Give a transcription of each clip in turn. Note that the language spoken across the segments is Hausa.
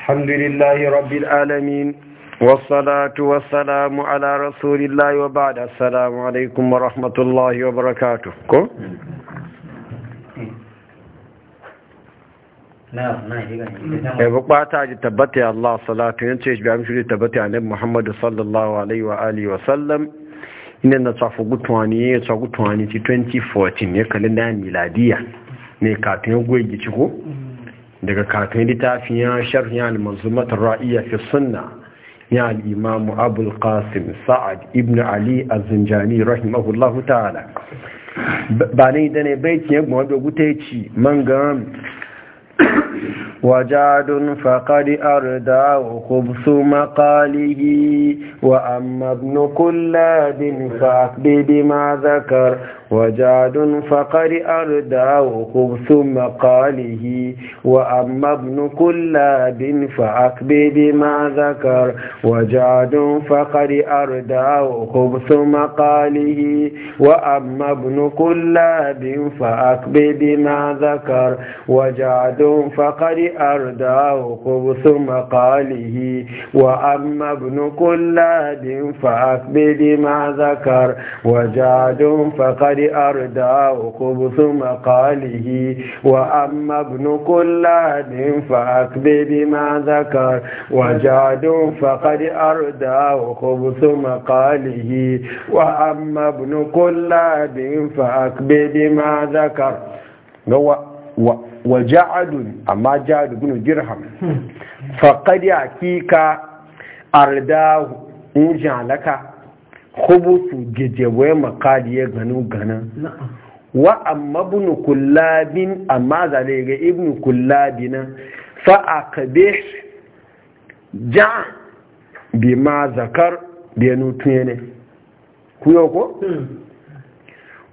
الحمد لله رب العالمين والصلاة والسلام على رسول الله وبعد السلام عليكم ورحمة الله shi biya mishi tabbata a nan Muhammadu sallallahu Alaihi wa na tsafi gutuwani da miladiya ne katon ya goyi ko? daga kakan littafin ya sharhi al-manzumat ra'iyya fi sunna ya al-imam abul qasim sa'ad ibn ali az-zinjani rahimahullahu ta'ala ba ne da ne baitin ya gbawa guteci man ga وجاد فقد أردى amma مقاله وأما ابن كلاب فأقبل بما ذكر وجاد فقد أرداه خبث مقاله وأما ابن كلاب فأكبي بما ذكر وجاد فقد أرداه خبث مقاله وأما ابن كلاب فأكبي بما ذكر وجاد فقد أرداه خبث مقاله وأما ابن كلاب فأكبي بما ذكر وجاد فقد أرداه خبث مقاله وأما ابن كلاد فأكبي بما ذكر وجاد فقد أرداه خبث مقاله وأما ابن كلاد فأكبي بما ذكر وجعد أما جعد بن درهم فقد أكيك أرداه إن جعلك hubutu gejewe makali ya ganu gana wa amma ibn kullabin amma zale ga ibn kullabina fa aqbih ja bi ma zakar bi nutune kuyo ko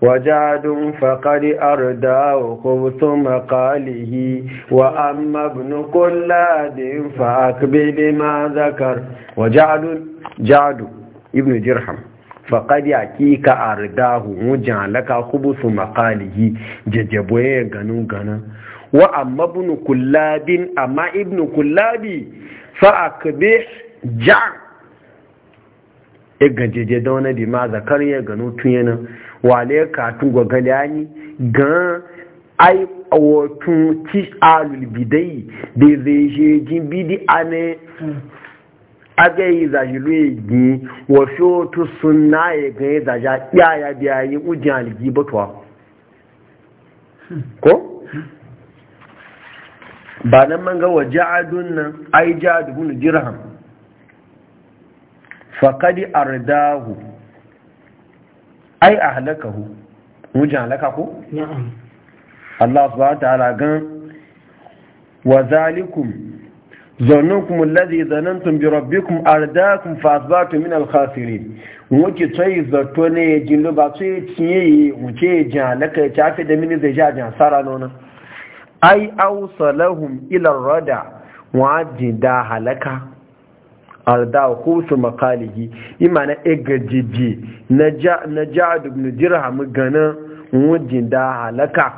وجاد فقد أرداه خبث مقاله وأما ابن كلاد فأقبل ما ذكر وجعد جعد ibn jirham faƙad ya kika a ridahu wujen halaka kubusu makalihi jajjaboye ganin ganin wa amma ibn kullabin amma ibn kullabi fa akbe jan e gajeje da wani bima zakar ya gano tun yana wale ka tun gwagali ani gan ai awotun ci alul bidai da zai je jin bidi ane hmm. yi zahiru ya gi wa fiyotu suna ya gani zaja ya biya yi ujin aligi batuwa ko? ba nan man ga waje adun nan ai ja'adu bin dirham faqadi ardahu ai hu mujin halaka ko? na'am Allah su ba ta'ala gan wa zalikun ظنكم الذي ظننتم بربكم أرداكم فأصبحتم من الخاسرين wuki tsayi zato ne ya gillu ba su yi yi wuce ya ji ya tafi da mini zai ja jansara nuna ai ausa lahum ilar rada waji da halaka arda ko su makalihi ima na egajiji na ja'ad ibn dirham gana da halaka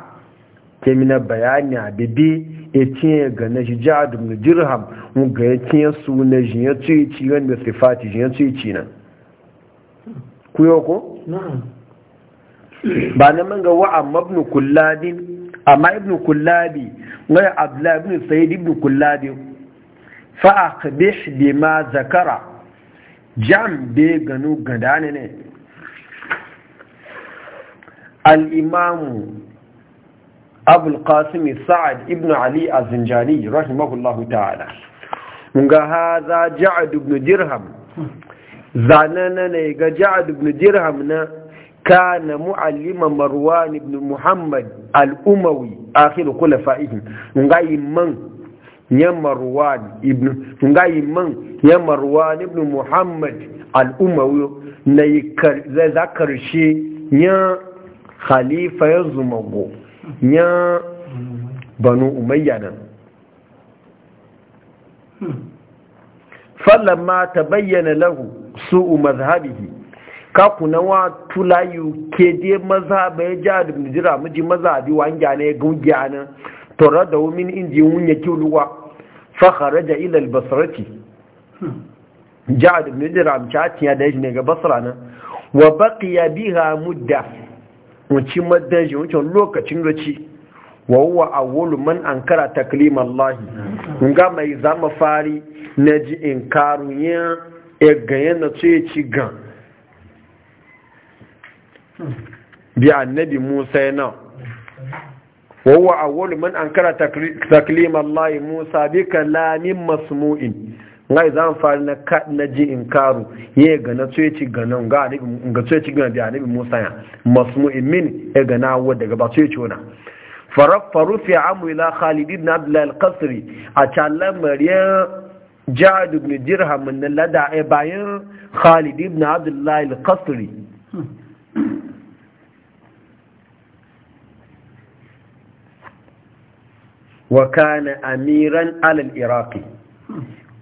kemina bayani a bebe e cinye ga na shi jihar na jirham ga ya cinye su na shi ya tsoye ci wanda sifati shi ya tsoye ci ku ba na manga ga wa'a mabnu kulladin amma ibnu kullabi wani abdullahi ibnu sayyid ibnu kullabi fa aqbih bima zakara jam be ganu gandane ne al imamu abul qasim sa'ad ibn ali az-zinjani rahimahullahu ta'ala ga hadha ja'ad ibn dirham zanana ne ga ja'ad ibn dirham na kana mu'allima marwan ibn muhammad al-umawi akhir khulafa'ihim ga imman ya marwan ibn ga imman ya marwan ibn muhammad al-umawi ne karshe ya khalifa ya zumago ya banu umayya nan falamma ta bayyana lahu su'u mazhabihi ka kuna wa tulayu ke dai maza ya ja da jira miji mazhabi wanja ne gungiya nan tora da min inji ya kiluwa fa kharaja ila ilal basrati ja da jira amcha tiya da ne ga basra nan wa baqiya biha mudda wuce madan shi wuce lokacin roci wa a awwalu man kara taklima Allah ga mai zama fari na ji in inkaru ya egayen na tsaye ci gan bi annabi Musa yana wa a awwalu man kara taklima Allah Musa bi kalamin masmu'in ngai zan fari na ka na ji karu ye ga na ci ga nan ga anabi ga ci ga bi anabi Musa ya masmu'in min e ga na wa daga ba ona wona faru fi amu ila Khalid ibn Abdullah al-Qasri a challan mariya Ja'ad ibn Dirham min lada e bayin Khalid ibn Abdullah al-Qasri wa kana amiran alal iraqi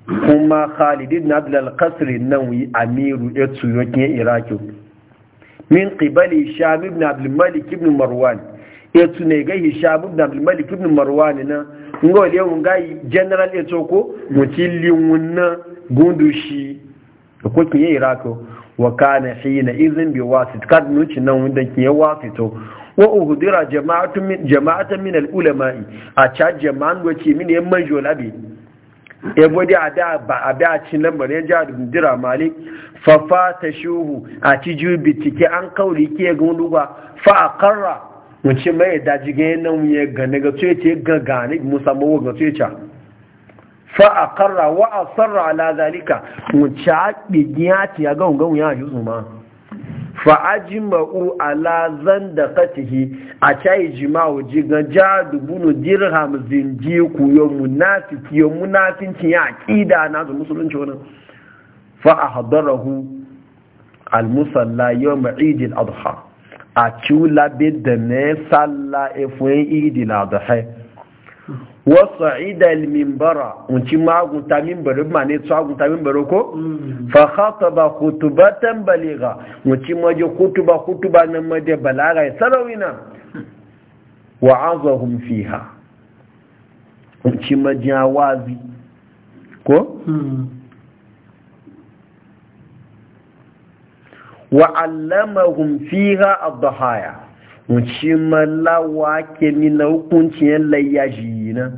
kuma khalidin na abdulkasir nan yi amiru ya tsuyokin iraki min qibali hisham ibn abdulmalik ibn marwan ya tsune ga hisham ibn abdulmalik ibn marwan na nga wale yawon ga general ya tsoko mutilin wunna gundu shi da kokin ya iraki wa kana hina izin bi wasit kad nuci nan wanda ke wasito wa uhudira jama'atun min jama'atan min al-ulama'i a cha jama'an wace min yan manjolabi yabo dai a da a cin lambar ya jihar dira malik fafa ta shuhu a ci ju bitike an kauri ke gun lugwa fa a karra mace mai da na mu ya gane ga tsoye ga gane musamman wa ga tsoye fa a karra wa a sarra ala zalika mace a ɓigiyati ya gawun gawun ya yi zuma fa'ajima'u ala zan da katihi a cayi jima'u jigan ja dubunu dirham zinji ku yo munafiki yo munafinci ya aqida na zu musulunci wannan fa ahdarahu al musalla yawm eid al adha a ciula da ne salla e fuen eid al adha wasa ida al-mimbara mun ci ma gun ma ne tsa gun ta mimbaru ko fa khataba khutbatan baligha mun ci ma jo khutba khutba nan ma de balaga sarawina wa azahum fiha mun ci ma ja wazi ko wa allamahum fiha ad-dahaya wuce malawa ke ni na hukunciyar layyaji na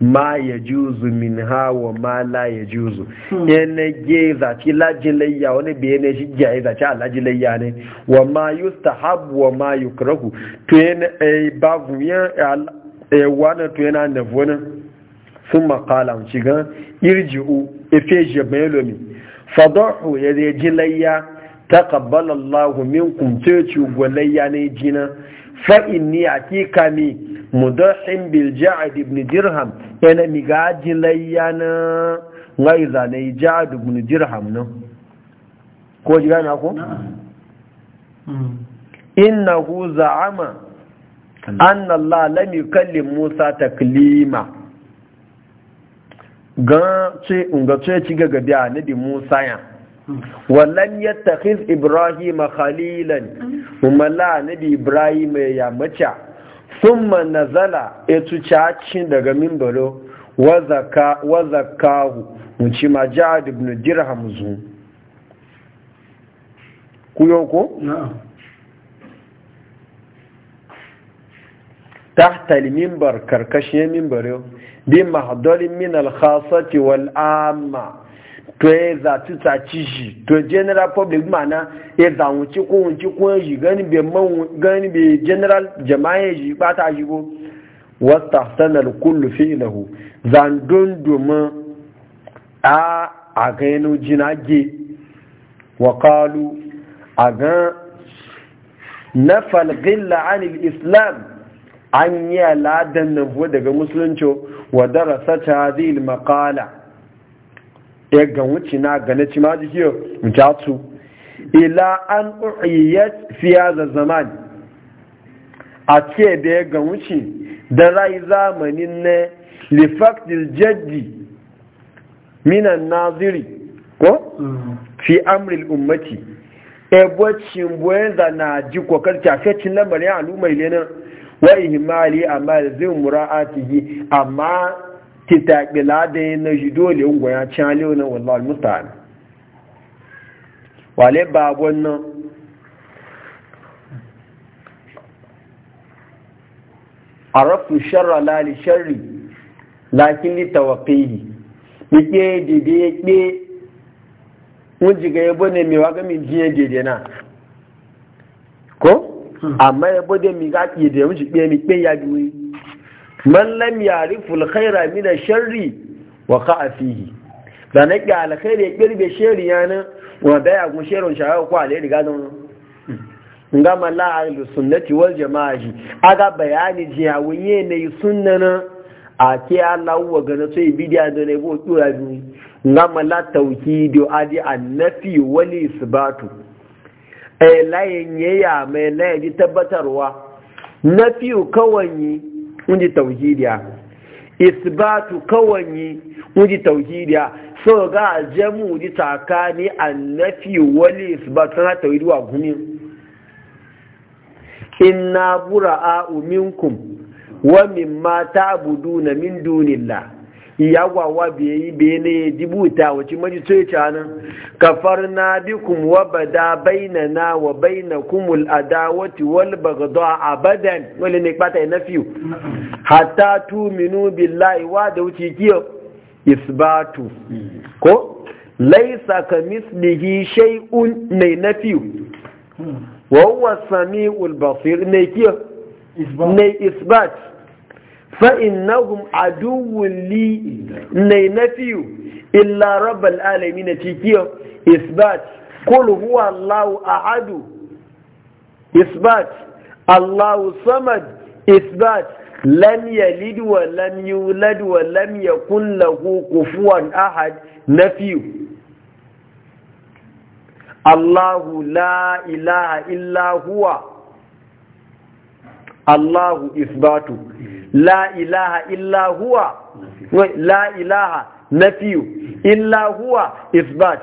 ma ya juzu min hawa ma la ya juzu yana hmm. ge zaci lajin layya wani biye ne shi gya ya e a lajin layya ne wa ma yustahabu wa ma yukrahu to yana e, babu yan e, wani to yana nafona sun makala wuce gan irji'u ife jebelomi fadahu ya zai ji layya taqabbala Allahu minkum ce ci gwalayya ne jina fa'inni a kika ne mudahin bilja'ad ibn dirham yana migaji layya na ngai zane ja'ad ibn dirham nan ko ji gana ko? inna hu za'ama an Allah lam yukallim Musa taklima ga ce ci ga gabi a nabi Musa wannan ya tafis ibrahim khalilan kuma Nabi ibrahim ya maca sun manazala etu cacin daga mimbalo wazakahu muci majad ibn jirham zu kuyoko? ta mimbar karkashin mimbaro bi ma mahadolin min alkhasati wal'amma to ya zaci tsaci shi to general public mana ya zawunci kowunci ko shi gani be general jama'a shi bata shi ko wata sanar kullu fi ilahu zan dunduma a a gano jinage wa kalu a gan na falgilla al islam an yi ladan nan daga musulunci wa darasa ta al maqala ya ga wuce na gane ci ma mutatu ila an uhiyat fiya da zaman a ce da ya ga wuce da rai zamanin ne li faqdil jaddi minan naziri ko mm. fi amril ummati ebocin buwenza na ji kokarci a lamarin alumai lenin wa ihimali amma da zai mura'atihi amma kitakila da yin na shi dole ungon ya ci hali wani mutane wale ba wannan a rafu sharra lali sharri lakin ni tawaqihi yake dide yake mun jiga yabo ne mai waga min jiye dede na ko hmm. amma yabo da mi ga ki da mun jibe mi pe ya duwi man lam yarifu alkhaira min sharri wa qa'a fihi da na ga alkhairi ya girbe shari yana wa da ya gun sharon shawo ko ale riga don nga mala ahlu sunnati wal jamaa aga bayani ji ya wuye ne sunnana a ke Allah wa gana to bidiya da ne bo tura bi nga mala tawkidu adi annafi wal isbatu eh layin yaya mai layi tabbatarwa nafiu kawai wuji tauhidiya isbatu kawanyi wuji tauhidiya so ga jamu di tsakani annafi wali isbatu na tauhidi wa gumi inna bura'a minkum wa mimma ta'buduna min dunillah yagwawa bene biye ne dibuta wace maji tsoye kafar na bikum wa bada baina na wa baina kumul adawati wal a abadan wale ne kpata na fiye Hata tu minu billahi wa da wuce kiyo isbatu ko laisa ka mislihi shay'un mai fiye wa huwa sami'ul basir ne kiyo ne isbat fa'innahum aduwwun li na nafiyu illa rabbal alami na cikiyar isbat kul huwa allahu ahadu isbat allahu samad isbat lam yalid wa lam yulad wa lam yakun lahu kufuwan ahad nafiyu Allahu la ilaha illa huwa. Allahu isbatu. la ilaha illa huwa la ilaha isbat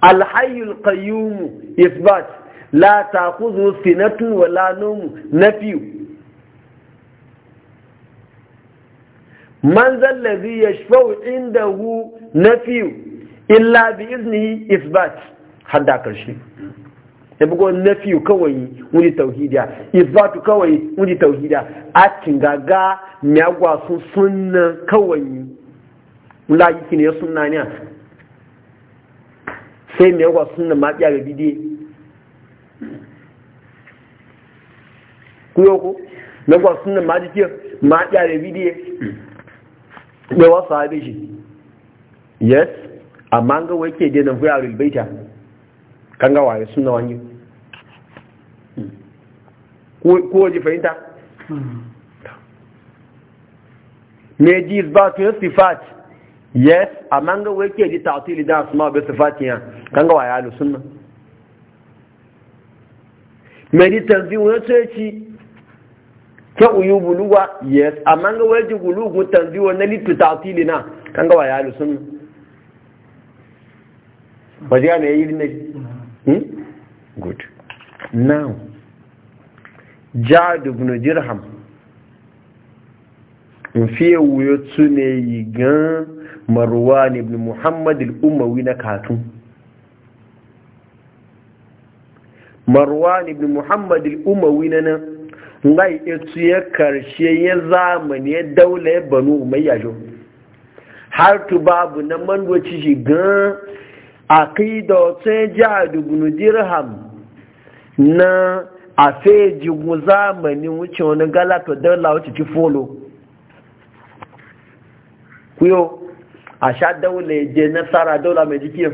alhayyul kayyumu isbat la ta'khudhu sinatun wa la nawm nafiyu ya zal inda hu na nafiyu illa bi iznihi isbat hadda karshe da bugon nafiyu kawai wuni tauhidiya ifatu kawai wuni tauhidiya a gaga miyagwa sun suna kawai mulaji ne ya suna ne sai miyagwa suna ma biya ga bidiye kuyo ko miyagwa suna ma jike ma biya ga bidiye yawa sahabe shi yes amma ga wake dina nan fuya Kanga ga waye suna wani hmm. ko waje fahimta hmm. me ji ba to sifat yes amanga ga wai ke ji ta'til da asma bi sifatin ya kan ga waye alu sunna me ji tanzim wani sai ke uyu buluwa yes amanga ga wai ji bulugu tanzim wani litu ta'til na kanga ga waye alu sunna ba ne yi ne hmm? good now jad ibn in fiye wuyo tune yi gan marwan ibn muhammad al-umawi na katun marwan ibn muhammad al-umawi na nan ngai etu ya karshe ya zamani ya daula ya banu umayya har tu babu na mandoci shi gan aqida sai jihad ibn dirham na a feji zamani wuce wani galata dala wuce ci folo kuyo a sha daula je nasara daula mai jikiyar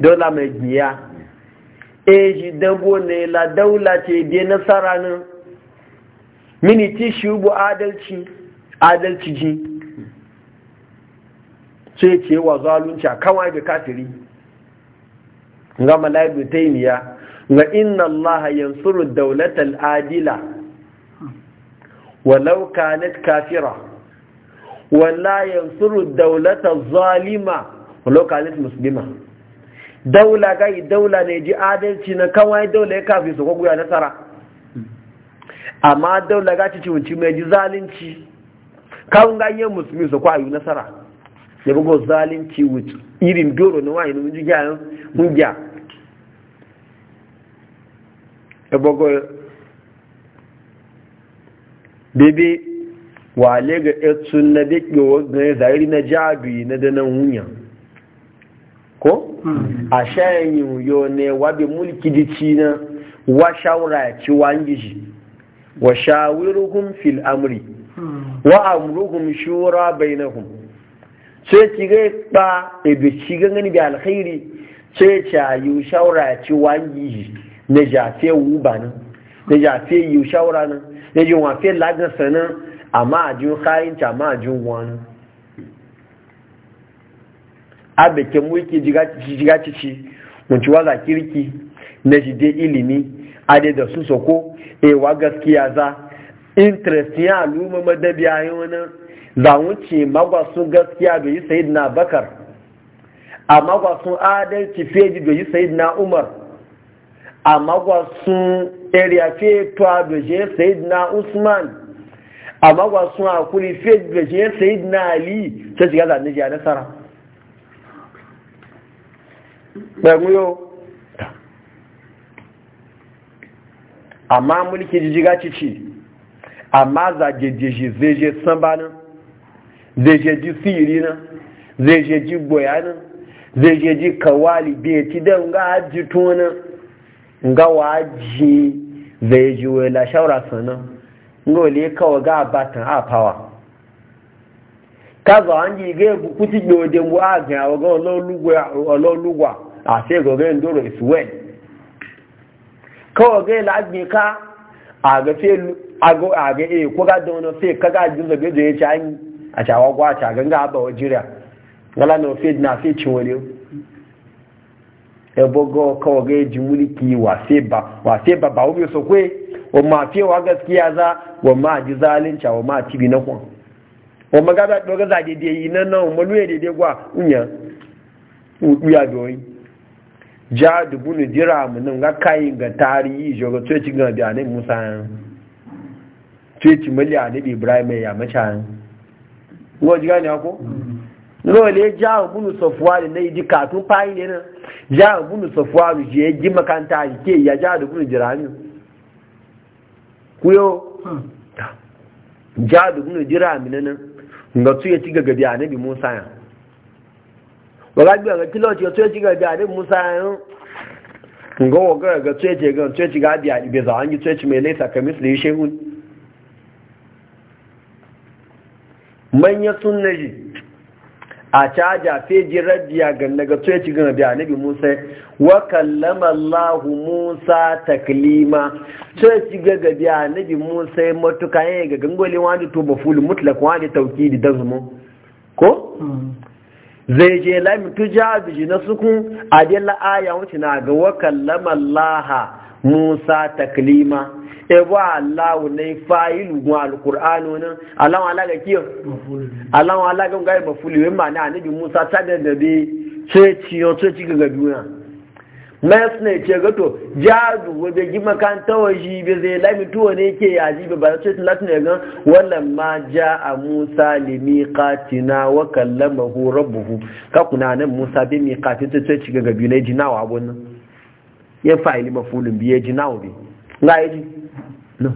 daula mai giya Eji shi dago ne la daula ce je nasara nan miniti shi bu adalci adalci ji sai ce wa zalunci a kawai da kafiri ga mala'ibu taimiya ga inna Allah yansuru daulatar adila walau kanat kafira wala yansuru daulatar zalima walau kanat musulima daula gai daula ne ji adalci na kawai daula ya kafin su kogoya nasara amma daula ga ciwon ci mai ji zalunci kawun ganyen musulmi su kwayo nasara ya bugo zalunci wuce irin doro na wani mun jiya mun hujja ya bugo bebe wa lega etsun na bekewa wa zari na jabi na dana hunya ko hmm. a shayan yiwuyo ne wabe mulki di na wa shawara ya ci wa ngiji wa shawiruhum fil amri hmm. wa amruhum shura bainahum sai ki ga ba ebe ga ngani bi alkhairi ce ta yi shawara ci wangi na jafe wuba ne na jafe yi shawara nan na fe la lagar sana amma a jin kayan ta amma a diga ci diga ci ci mun ci wala kirki ji de ilimi ade da su soko e, wa gaskiya za interest ya al'umma madabi a yi za wuce magwasu gaskiya da yi sayid na bakar a magwasu adalci feji da yi sayid na umar a magwasu area fetuwa da je sayid na usman a magwasu akuri feji da je sayid na ali sai shiga zane jiya nasara amma mulki jijiga cici amma zagejeji zai je sanbanin zai ji siri na zai je ji boya na zai ji kawali biya ci da nga haji tona nga waji zai ji wela shawara sana nga wale kawa ga batan a fawa kazo an yi ga kuti gbode mu a ga ga ololugwa a sai ga ndoro isuwe well kawa ga la ka a e, ga fe a aga e ko ga dono sai kaga jin zabe da ya ci an a cawa gwa a ganga abba wa jira gala na ofe na fi cin wani ebogo kawo ga ji mulki wa sai ba ba ba so kwe wa ma fi wa gaskiya za wa ma ji zalunci wa ma tibi na kun o ma gaba doga za yi nan nan e mu luye dede gwa unya uya doyi ja dubu ni mu nan ga ga tarihi da ne musa mali ne ibrahim wajen gane ko lole jihar bunu safuwaru na yi katun fayi ne nan jihar bunu safuwaru shi ya ji makanta a ke ya jihar bunu hmm. jirami kuyo jihar bunu jirami na nan ga su ya ci ga gabi a nabi musa ya waga biya ga kiloti ya su ya ci ga gabi musa ya ga waga ga su ya ci ga su ya ci ga abi a ibe zawon gi su ya ci mai laisa kamis da manya sun yi a caja fejin rabbiya ga daga tsoye ci gana biya nabi musa wa kallama allahu musa taklima tsoye ci gaga biya nabi musa matuka yaya ga gangolin wani to fulu mutlaka wani tauki da dazumo ko zai je lami tuja biji na suku a la'aya aya wuce na ga wa kallama allaha musa taklima ebo allahu ne fa'ilu gun alqur'anu nan allahu alaga kiyo allahu alaga ngai mafuli we mana anabi musa tade da bi ce ciyo che ci ga duniya mes ne che ga to jadu we be gi kan waji be zai lami to ne ya ji be ba ce lat ne ga wala ma ja a musa li miqatina wa kallamahu rabbuhu ka kuna ne musa bi miqatin che ci ga bi ne jinawa abun nan fa e fa'ili mafulun e bi ya jinawa bi láìrí náà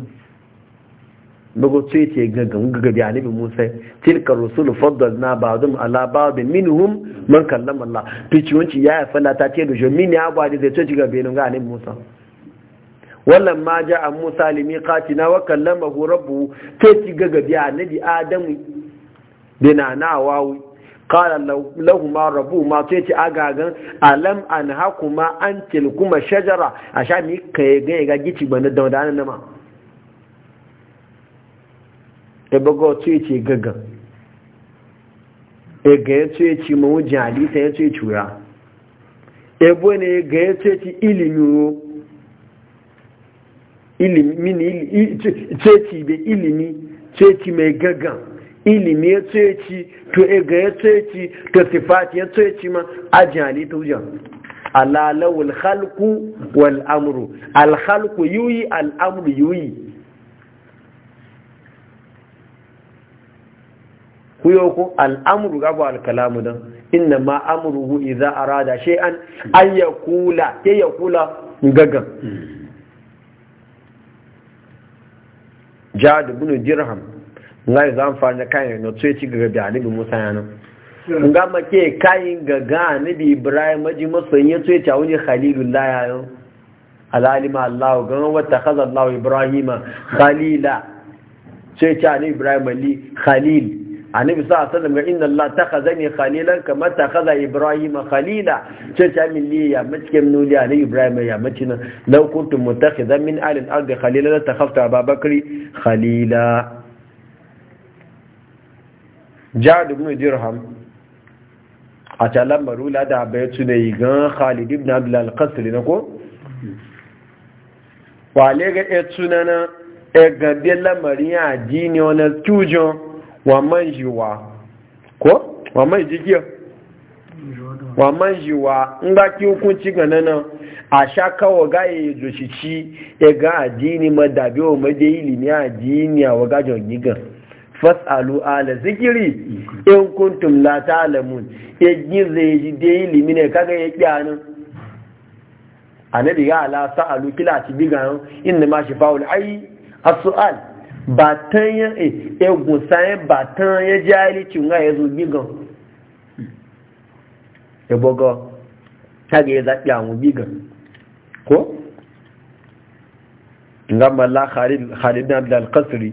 gbogbo tí ó ce gaggan gagabi musa tilka rusulu faddal na ba'adun ala ba'adun minhum man kallama Allah ficiwanci ya yi falla ta ce da shi mini abuwa da zai ce gabe nun ga alibi musa wallan ma a musa limi katina wa kallama hu rabbu ta ci gagabi alibi adamu dina na wawi qala lahuma rabbuhuma to yace agagan alam an anhakuma an tilkuma shajara asha mi kai ga ga gici bana da wadannan nama e bago to yace gaga e ga yace yace mu jali sai yace cura e bone ga yace yace ilimi ilimi mini ilimi ce ci ilimi ce ci mai gagan ilimi ya ci, to ega ya ci, to sifati ya ci ma ajin halitta wujan alalawul halku wal amru alhalku yuyi amuru yuyi kuyo ku al'amru gaba alkalamu don inna ma za a arada shay'an an yakula ya yakula gagan hmm. jad ibn dirham nga yi zamfani na kayan na tsoci e ga gabi biya musa yana nga make kayan gaga anibi ibrahim maji masoyin ya tsoci e a wani khalilu ya yau alalima allah gan wata kaza allah ibrahim khalila tsoci e a nabi ibrahim ali khalil a nabi sa asali ga inda allah ta kaza ne khalilan kamar ta kaza ibrahim khalila tsoci a min liya macikin nuli a nabi ibrahim ya macina lau mutakhi mutakhizan min alin ardi khalila ta takhafta babakari khalila jáàdù mú dirham a talar marula da bai tuna yi khalid ibn abdullal kasiri na ko? wà ga ẹ tuna na ya gabe lamarin ya jini wani tujon wa man jiwa ko? wa man jikiya wa man jiwa in ga ki hukunci ga nan a sha kawo ga ya yi zucici ya ga adini ma fas'alu ala zikiri in kuntum la ta'lamun ya gize ji da ilimi ne kaga ya kyanin annabi ga ala sa'alu kila ti biga inna ma shi shifaul ayi as-su'al ba tan ya eh, egun sai ba tan ya jali ci nga yazo bigan e bogo kaga ya zabi amu bigan ko ngamba la khalid khalid ibn abd al-qasri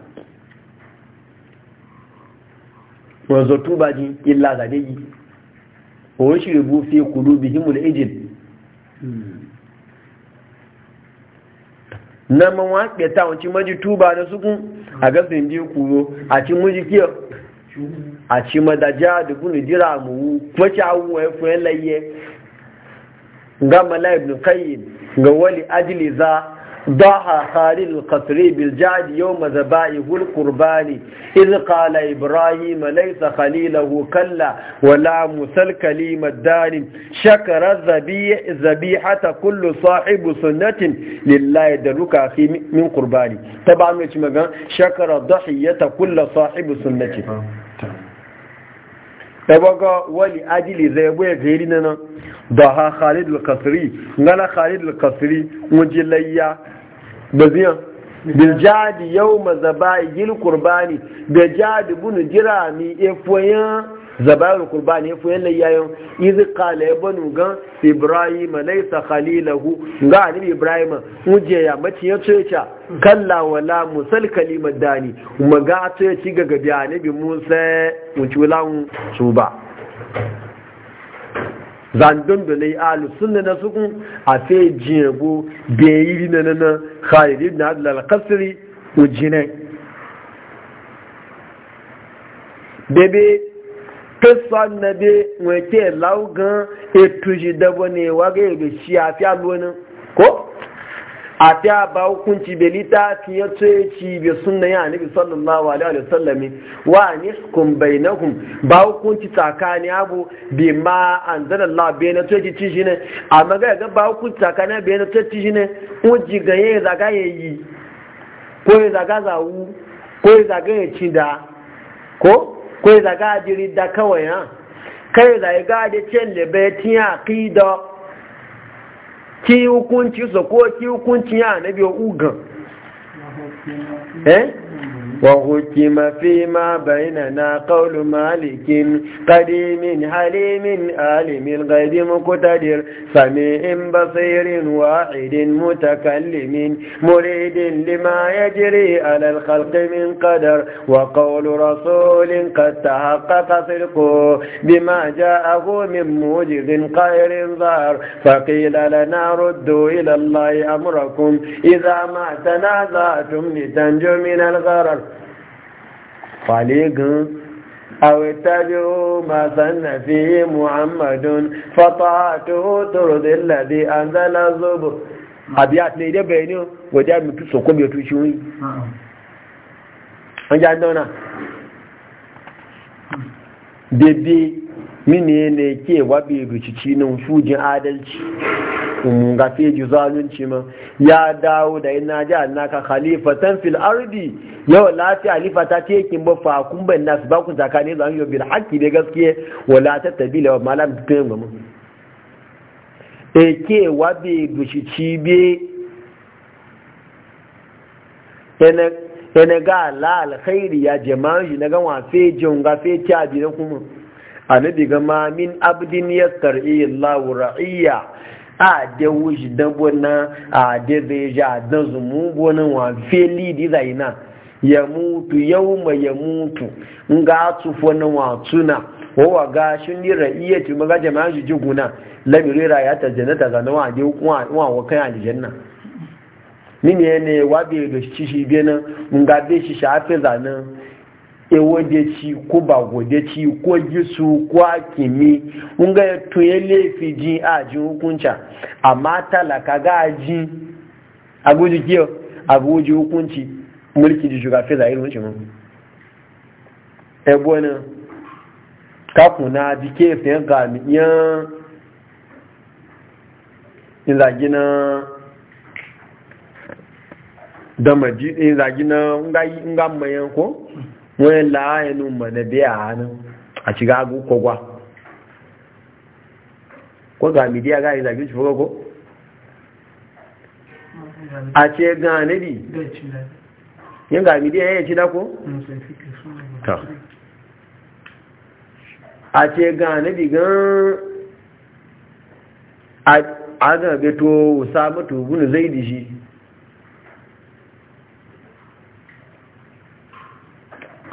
wanzo tuba ji illa zane yi wa shi rubu fi kulu bihimul ijin na man wa ke ta wancin maji tuba da kun a gasin biyu kuro a cin muji kiyar a ci madaja da gunu jira mu kwace awuwa ya fuyen layye ga mala ibn qayyim ga wali ajli za ضحى خالد القطري بالجعد يوم ذبائه القربان إذ قال إبراهيم ليس خليله كلا ولا موسى الكليم الدان شكر الذبيحة كل صاحب سنة لله يدرك أخي من قرباني طبعا مجمع شكر الضحية كل صاحب سنة tabaga wali ajili zai buya gari na nan da ha khalid al-kasri ngana khalid al-kasri mujilayya da biyan biljadi yau mazabai gil kurbani da jadi bunu jirami efoyan zabayar kurbani efoyan layayon izi kala ya banu gan ibrahim laisa khalilahu ga anil ibrahim uje ya mace ya tsoyaca kalla wala musal kalimar dani maga ci ga gabi annabi musa mutulan su ba zandon da na yi alu sunna na sukun a sai jiyego bayiri na nana khalid ibn abdul al-qasri ujinai bebe pesa na be wete laugan etuji dabo ne waga ebe shi afi alwani ko a ta ba hukunci bai littafi ya ce ci bai sunna ya nabi sallallahu alaihi wa sallami wa na bainakum ba hukunci tsakani abu bi ma la bai na tsoye ci ne a magaya ga ba hukunci tsakani bai na tsoye ci ne uji ga yayi zaga ya yi ko ya zaga zawu ko ya zaga ya ci da ko ko ya zaga jiri da kawai ha kai da ya ga da cin da bai tiya da. ki hukunci su ko ki hukunci ya na biyo ugan eh? وختم فيما بيننا قول مالك قديم حليم عالم الغيب مقتدر سميع بصير واحد متكلم مريد لما يجري على الخلق من قدر وقول رسول قد تحقق صدقه بما جاءه من موجد خير ظهر فقيل لنا ردوا إلى الله أمركم إذا ما تنازعتم لتنجوا من الغرر falegan أواتبعوا ما سن فيه محمد فطاعته ترضي الذي أنزل الزبر أبيات ليدي بيني ودي أمي تسوكم يتوشوي أنجا عندنا بيبي mini ne ke wabe rikici nan fujin adalci ga feji zalunci ma ya dawo da ina ji annaka khalifatan fil ardi yau lati alifa ta ce kin ba fa kun ban nasu ba ku zakane zan yi bil haqqi da gaskiye wala ta tabila wa malam tukayen gama e ke wabe rikici be ene ga la alkhairi ya jama'i na ga wa fejin ga fe ta bi kuma annabi ga ma min abdin yastar'i Allahu ra'iyya a de wuji dabona a de zeja da zumu bonan wa feli dizaina ya mutu yauma ya mutu nga tufo na o wa ga shin ni ra'iyya ti maga jama'a ji juguna lamire ra ya ta jannata na wa de wa wa kan aljanna ni ne ne wa be da shi shi be nan nga be shi shafe zanan ewadeci ko ba godeci ko gisu ko akimi nga ya tunye laifi ji a ji hukunca amma talaka ga ji a guji kiyo a hukunci mulki ji shuga fi zahiri wuce mun ebo nan kakuna ji ke fiye ga miyan inzagina da maji inzagina nga mayan ko wani la'ayinu mana biya a hannun a shiga agukwa gwa ko ga midiya ga yi zagin shi fuka ko a ce ga nabi yin ga midiya ya ci dako? ta a ce ga nabi gan a ga beto samu tubun zai dishi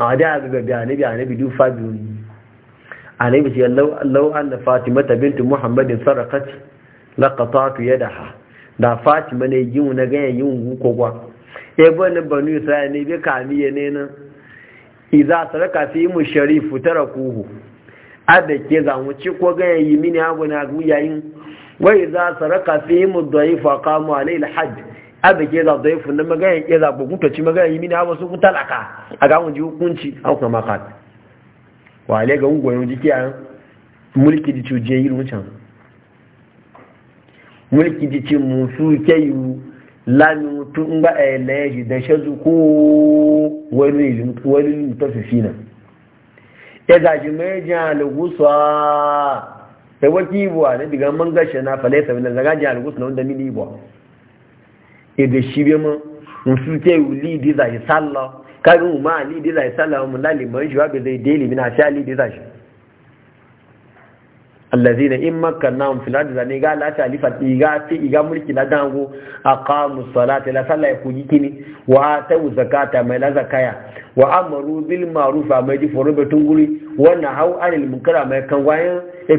a da ga bi annabi annabi du fabiyoyi annabi ce law anna fatimata bintu muhammadin sarakat laqatatu yadaha da fatima ne yin na ganyen yin guko gwa e bani banu isra'ila ne bi kamiye ne nan iza saraka fi mu sharifu tarakuhu ada ke za mu ci ko ganyen yi mini abu na guyayin wa iza saraka fi mu dhaifa qamu alayhi alhajj abege za da yafi na magayan ya zaɓo gutaci magayan yi mini a wasu talaka a gawon ji hukunci a kuma maka wa ale ga ungoyin jiki a mulki da cuje yi rucan mulki da ce musu ke yi lami tun ba a yana ya da shazu ko wani mutafi fina ya zaji mai jin alagusa ya waki na diga man na falaisa zagajin alagusa na wanda mini ibuwa ebe bi mu musu ke wuli di zai sallah mu ma ali di sallah mu lali mai jiwa zai deli mina sai ali di in makkannahum fil ardi zani ga la ta alifa iga la wa zakata mai la zakaya wa mai di foro betunguri wa nahaw anil ma mai kan wayan e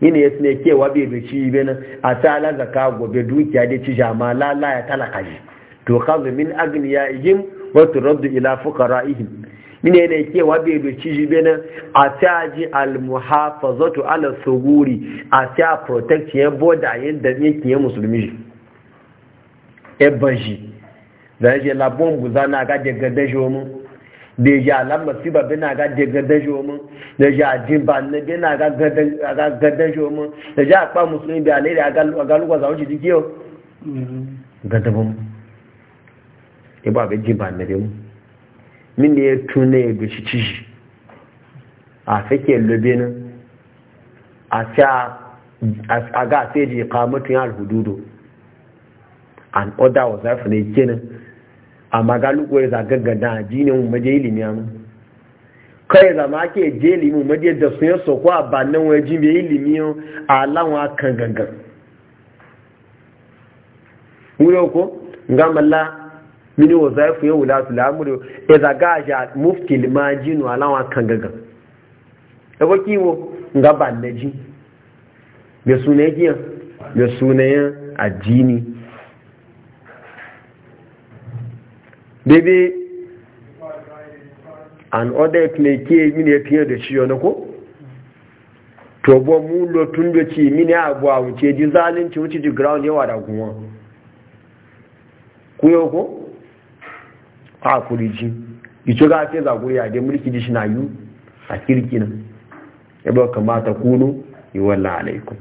mini ya sine kewa bai da ci bena a ta zaka gobe dukiya da ci jama la la ya talaka ji to kazu min agniya ihim wa rabdu ila fukara ihim mini ne kewa bai da ci bena a ta ji ala suguri a ta protect ya boda yadda yake musulmi e banji da ya la bombu zana ga daga dajo mu da ya alam masiba bina ga de gadan jomu da ya jin ba ne bina ga gadan ga gadan jomu da ya akpa musulmi bi alere aga aga lugwa za wuce dikiyo mm-hmm. gadan bum e ba be jin ba ne mu min ne tune be shi ci a fake lobenin a ta a ga sai ji kamatu ya alhududu an order was that ne kenan amma galukuwar zagaggada a ne mu maje ilimi amu kai zama ake je ilimi maje da sun yaso ko a ba nan wani jin bai ilimi a lawan kan gangan wuri ko nga malla mini wa zaifu ya wula su lamuri ya zaga a ja mufti limajinu a lawan kan gangan da kiwo nga ba na ji da sunayen da sunayen addini bebe an order ne ke mini ya fiye da ciyo na ko to bo mu lo tun da ci mini abuwa wuce ji zalunci wuce ji ground yawa da kuma ku yau ko a kuri ji ito ga ce za kuriya da mulki ji shina yu a kirki nan ya e ba kamata kunu yi wallan alaikum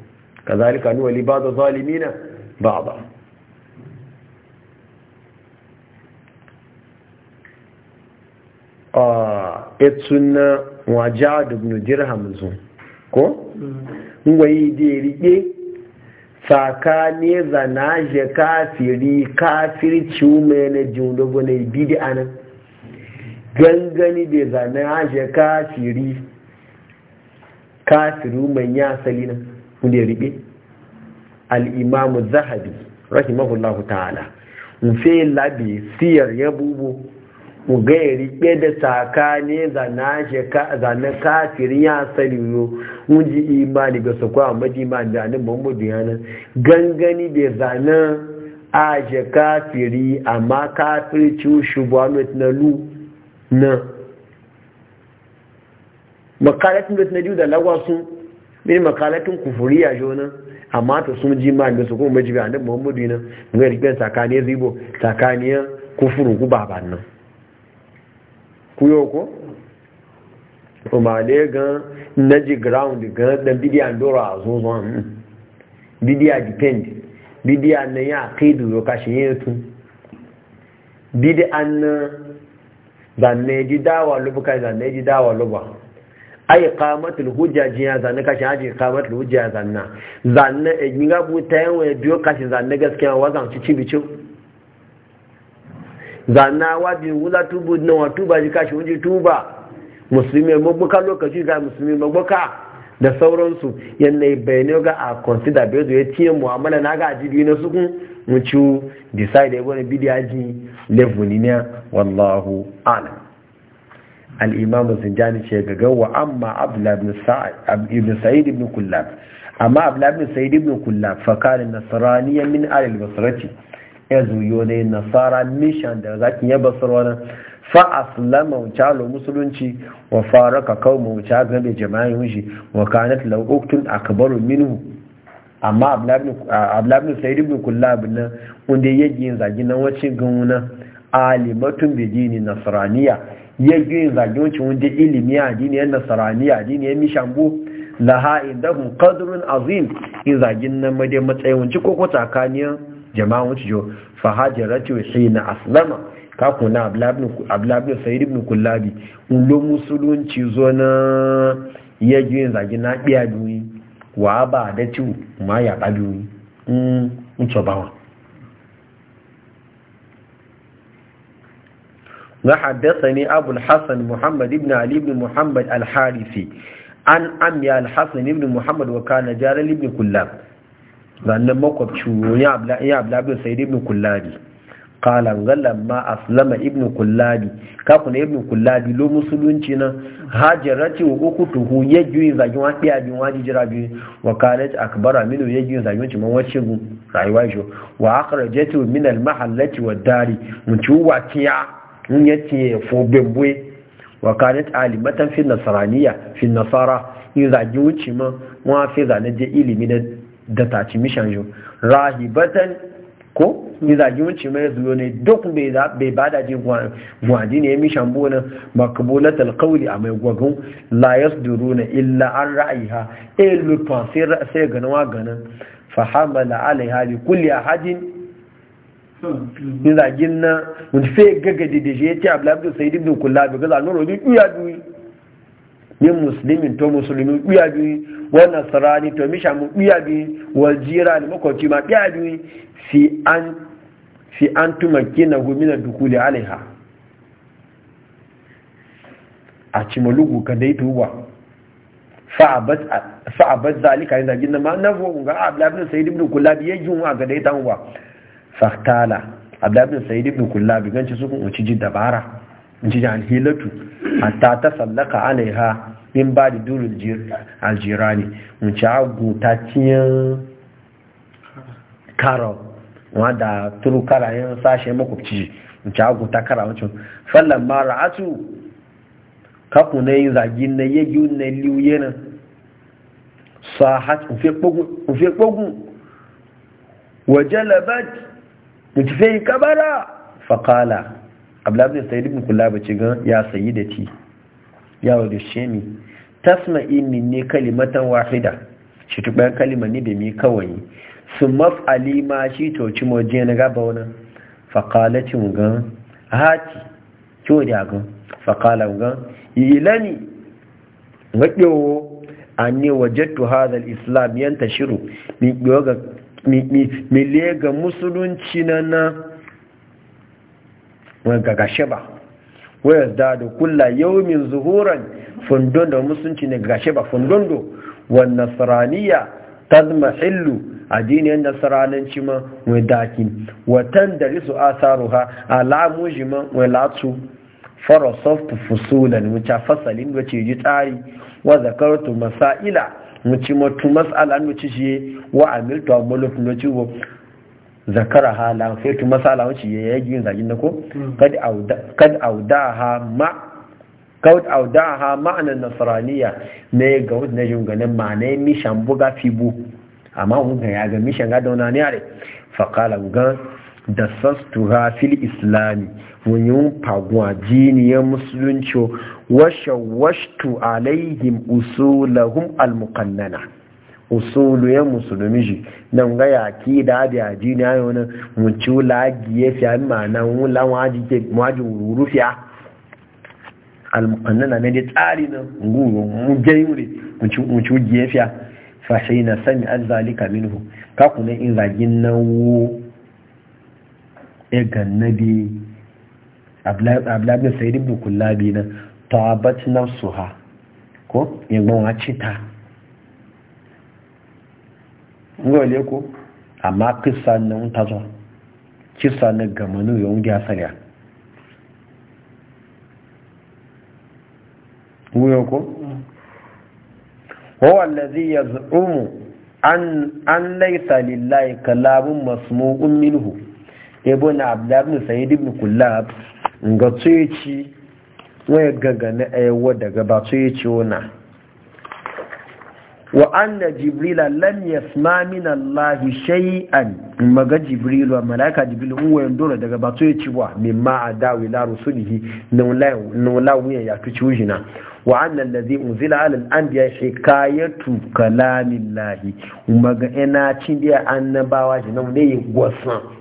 kazalika nuwa libada zalimina ba ba etsunna waja dubnu dirham zu ko ngwayi de rike tsakani zana je kafiri kafirci ume na jiundo bane bidi anan gangani da zana je kafiri kafiru mai ya asali nan wanda ya ribe zahabi rahimahullahu ta'ala mun labi siyar ya bubu ga ya riƙe da tsakani zane kafirin ya sani yo mun ji imani ga su kwa amma imani da nan bambu yanar gangani da zane a je kafiri amma kafirci shubanu na lu na makalatin da na da lagwasu mini makalatin kufuri kufuriya jona amma ta sun ji imani da su kuma majibi a nan bambu diyanan ga riƙe tsakani zibo tsakani kufurin guba ba nan kuyo ko umale gan naji ground gan dan bidiya ndora azuzon bidiya depend bidiya na ya aqidu yo kashi yetu an na zanne ji dawa lubuka zanne ji dawa luba ai qamatul hujjaji ya zanne kashi haji qamatul hujja zanna zanne e ginga buta yan we biyo kashi zanne gaskiya wazan ci cibicu zanna wajin wula tubu na wa tuba ji kashi wuje tuba musulmi magbuka lokaci ga musulmi mabuka. da sauransu yanayi bayani ga a consider bezo ya tiye mu'amala na ga ajibi na sukun mucu decide ya wani bidiya ji levuli ne wallahu ala al'imamu zinjani ce gaga wa amma ibn sa'id ibn kullab amma abdullahi labin sa'id ibn kullab fakarin nasarani ya min al-basrati ya zuyo ne nasara mishan da zaki ya basar wani fa aslama wucalo musulunci wa fara ka kawo gabe jama'in wuce wa kanat lauktun akbaru minhu amma ablabin sayid ibn kullab na wanda yake yin zagi na wacin ganuna alimatun bidini nasraniya yake yin zagi wacin wanda ilimi addini yan nasraniya addini ya mishambo laha indahum qadrun azim in zagin nan madai matsayin wuce kokota ko jama'a wuce jo fa rati wa na aslama kaku na ablabin sayid ibn kullabi un lo musulunci zo na iya juyin zagi na biya duni wa ba da ci ma ya ba duni mm, in so bawa na haddasa ne abul hassan muhammad ibn ali ibn muhammad al-harisi an amya al-hassan ibn muhammad wa kana jaral ibn kullab zannan makwabci ya ablabin sai ibn kullabi kalan galan ma aslama ibn kullabi kafin ibn kullabi lo musulunci na hajjarati wa uku tuhu ya juyin zagin wa ɗaya biyun wa jijira biyu wa kalaj akbara minu ya juyin zagin cimon wacce gun rayuwa shi wa akhrajatu min al mahallati wa dari mun ci wa tiya mun ya tiye fo bebe wa kalat alimatan fi Nasaraniya, fi nasara in zagin wuce ma wa fi zane je ilimi na da taci mishan Rahi, rahibatan ko ni zagi mun ci mai zuwa ne duk bai ba da jin gwadi ne ya mishan na makbulat alqawli a mai gwagun duru na illa an ra'iha eh lupa sai sai ganawa ganan fa alai alaiha li kulli ahadin ni zagin na mun sai gaga da shi. ya ce sai sayyid kula kullabi gaza nuna duk iya duyi min musulmin to musulmi biya biyu wannan nasarani to misha mu biya biyu wa jira da makwabci ma biya biyu fi an fi an tumake na gomina dukuli alaiha a cimalugu ka dai tuwa fa'abat zalika ne zagin na ma'anabu ga ablabin sayid ibn kullabi ya yi wa ga dai tanwa fahtala ablabin sayid ibn kullabi ganci su kun uci ji dabara jiyan hilatu hatta ta sallaka alaiha min ba da durin aljirani wuce agu ta ciyan karo wadda turu karayen sashe makwabci wuce agu ta kara wacce fallon mara atu kaku na yin zagi na yayi na liyu yana sahat ufe kogun wajalabat mutufe kabara fakala sai sayyid kula ba ce ga ya sayi da ti ya wada shemi tasma'i ne kalimatan wahida shi yan kalima ne da mi kawai su maf'ali ma shi to ci mo na gaba wani faƙalacin gan mu ga hati kiwo da gan faƙalan gan. mu ga ilani ngadewo anni wajadtu hadha al-islam yanta shiru ga mi lega musulunci na na gaga ba waya da da kulla yawmin zuhuran fundon da musulunci ne wani nasiraniya ta zama nasraniya a addinin nasrananci ma wani daki watan da risu ha alamu ma wani latu farasaftu fusulan wuce fasalin wace ji tsari wa zakartu masaila wuce matu matsala wuce shi wa amiltu amuluf na ciwo zakara hala sai tu masala wace ya yi yin zagin nako kad audaha ma kawt audaha ma'anan nasraniya ne ga wata na junganin ma ne mishan buga fibu amma mun ga ya ga mishan ga dauna ne are fa qala gan da ha fil islami mun yi fagwa jiniyar musulunci wa shawashtu alaihim usulahum almuqannana usulu ya musulmi shi nan ga ki da da yaji na yau nan mun ci lagi ya fi ma nan wula waji ke waji rufiya annana ne da tsari nan nguru mu je yuri mun ci mun ci ya fi fa sai na sami an zalika minhu ka ne in zagin nan wo e gannabi abla abla bin sayyid ibn kullabi nan tabat nafsuha ko yin wa cita ngole ko amma kissa nan ta zo kissa na gamanu ya ungi asariya ngoyo ko huwa allazi yaz'umu an an laysa lillahi kalabun masmu'un minhu ibn abdullah ibn sayyid ibn kullab ga tsoyici waya gaga na ayawa eh, daga ba tsoyici wona wa anna jibrila lam yasma min Allah shay'an maga jibril wa malaika jibril un wayan daga bato ya ci wa mimma adawi la rusulihi na la wuya ya tuci wujina wa anna alladhi unzila ala al-anbiya hikayatu kalamillahi maga ina cin dia annabawa shi nan ne ya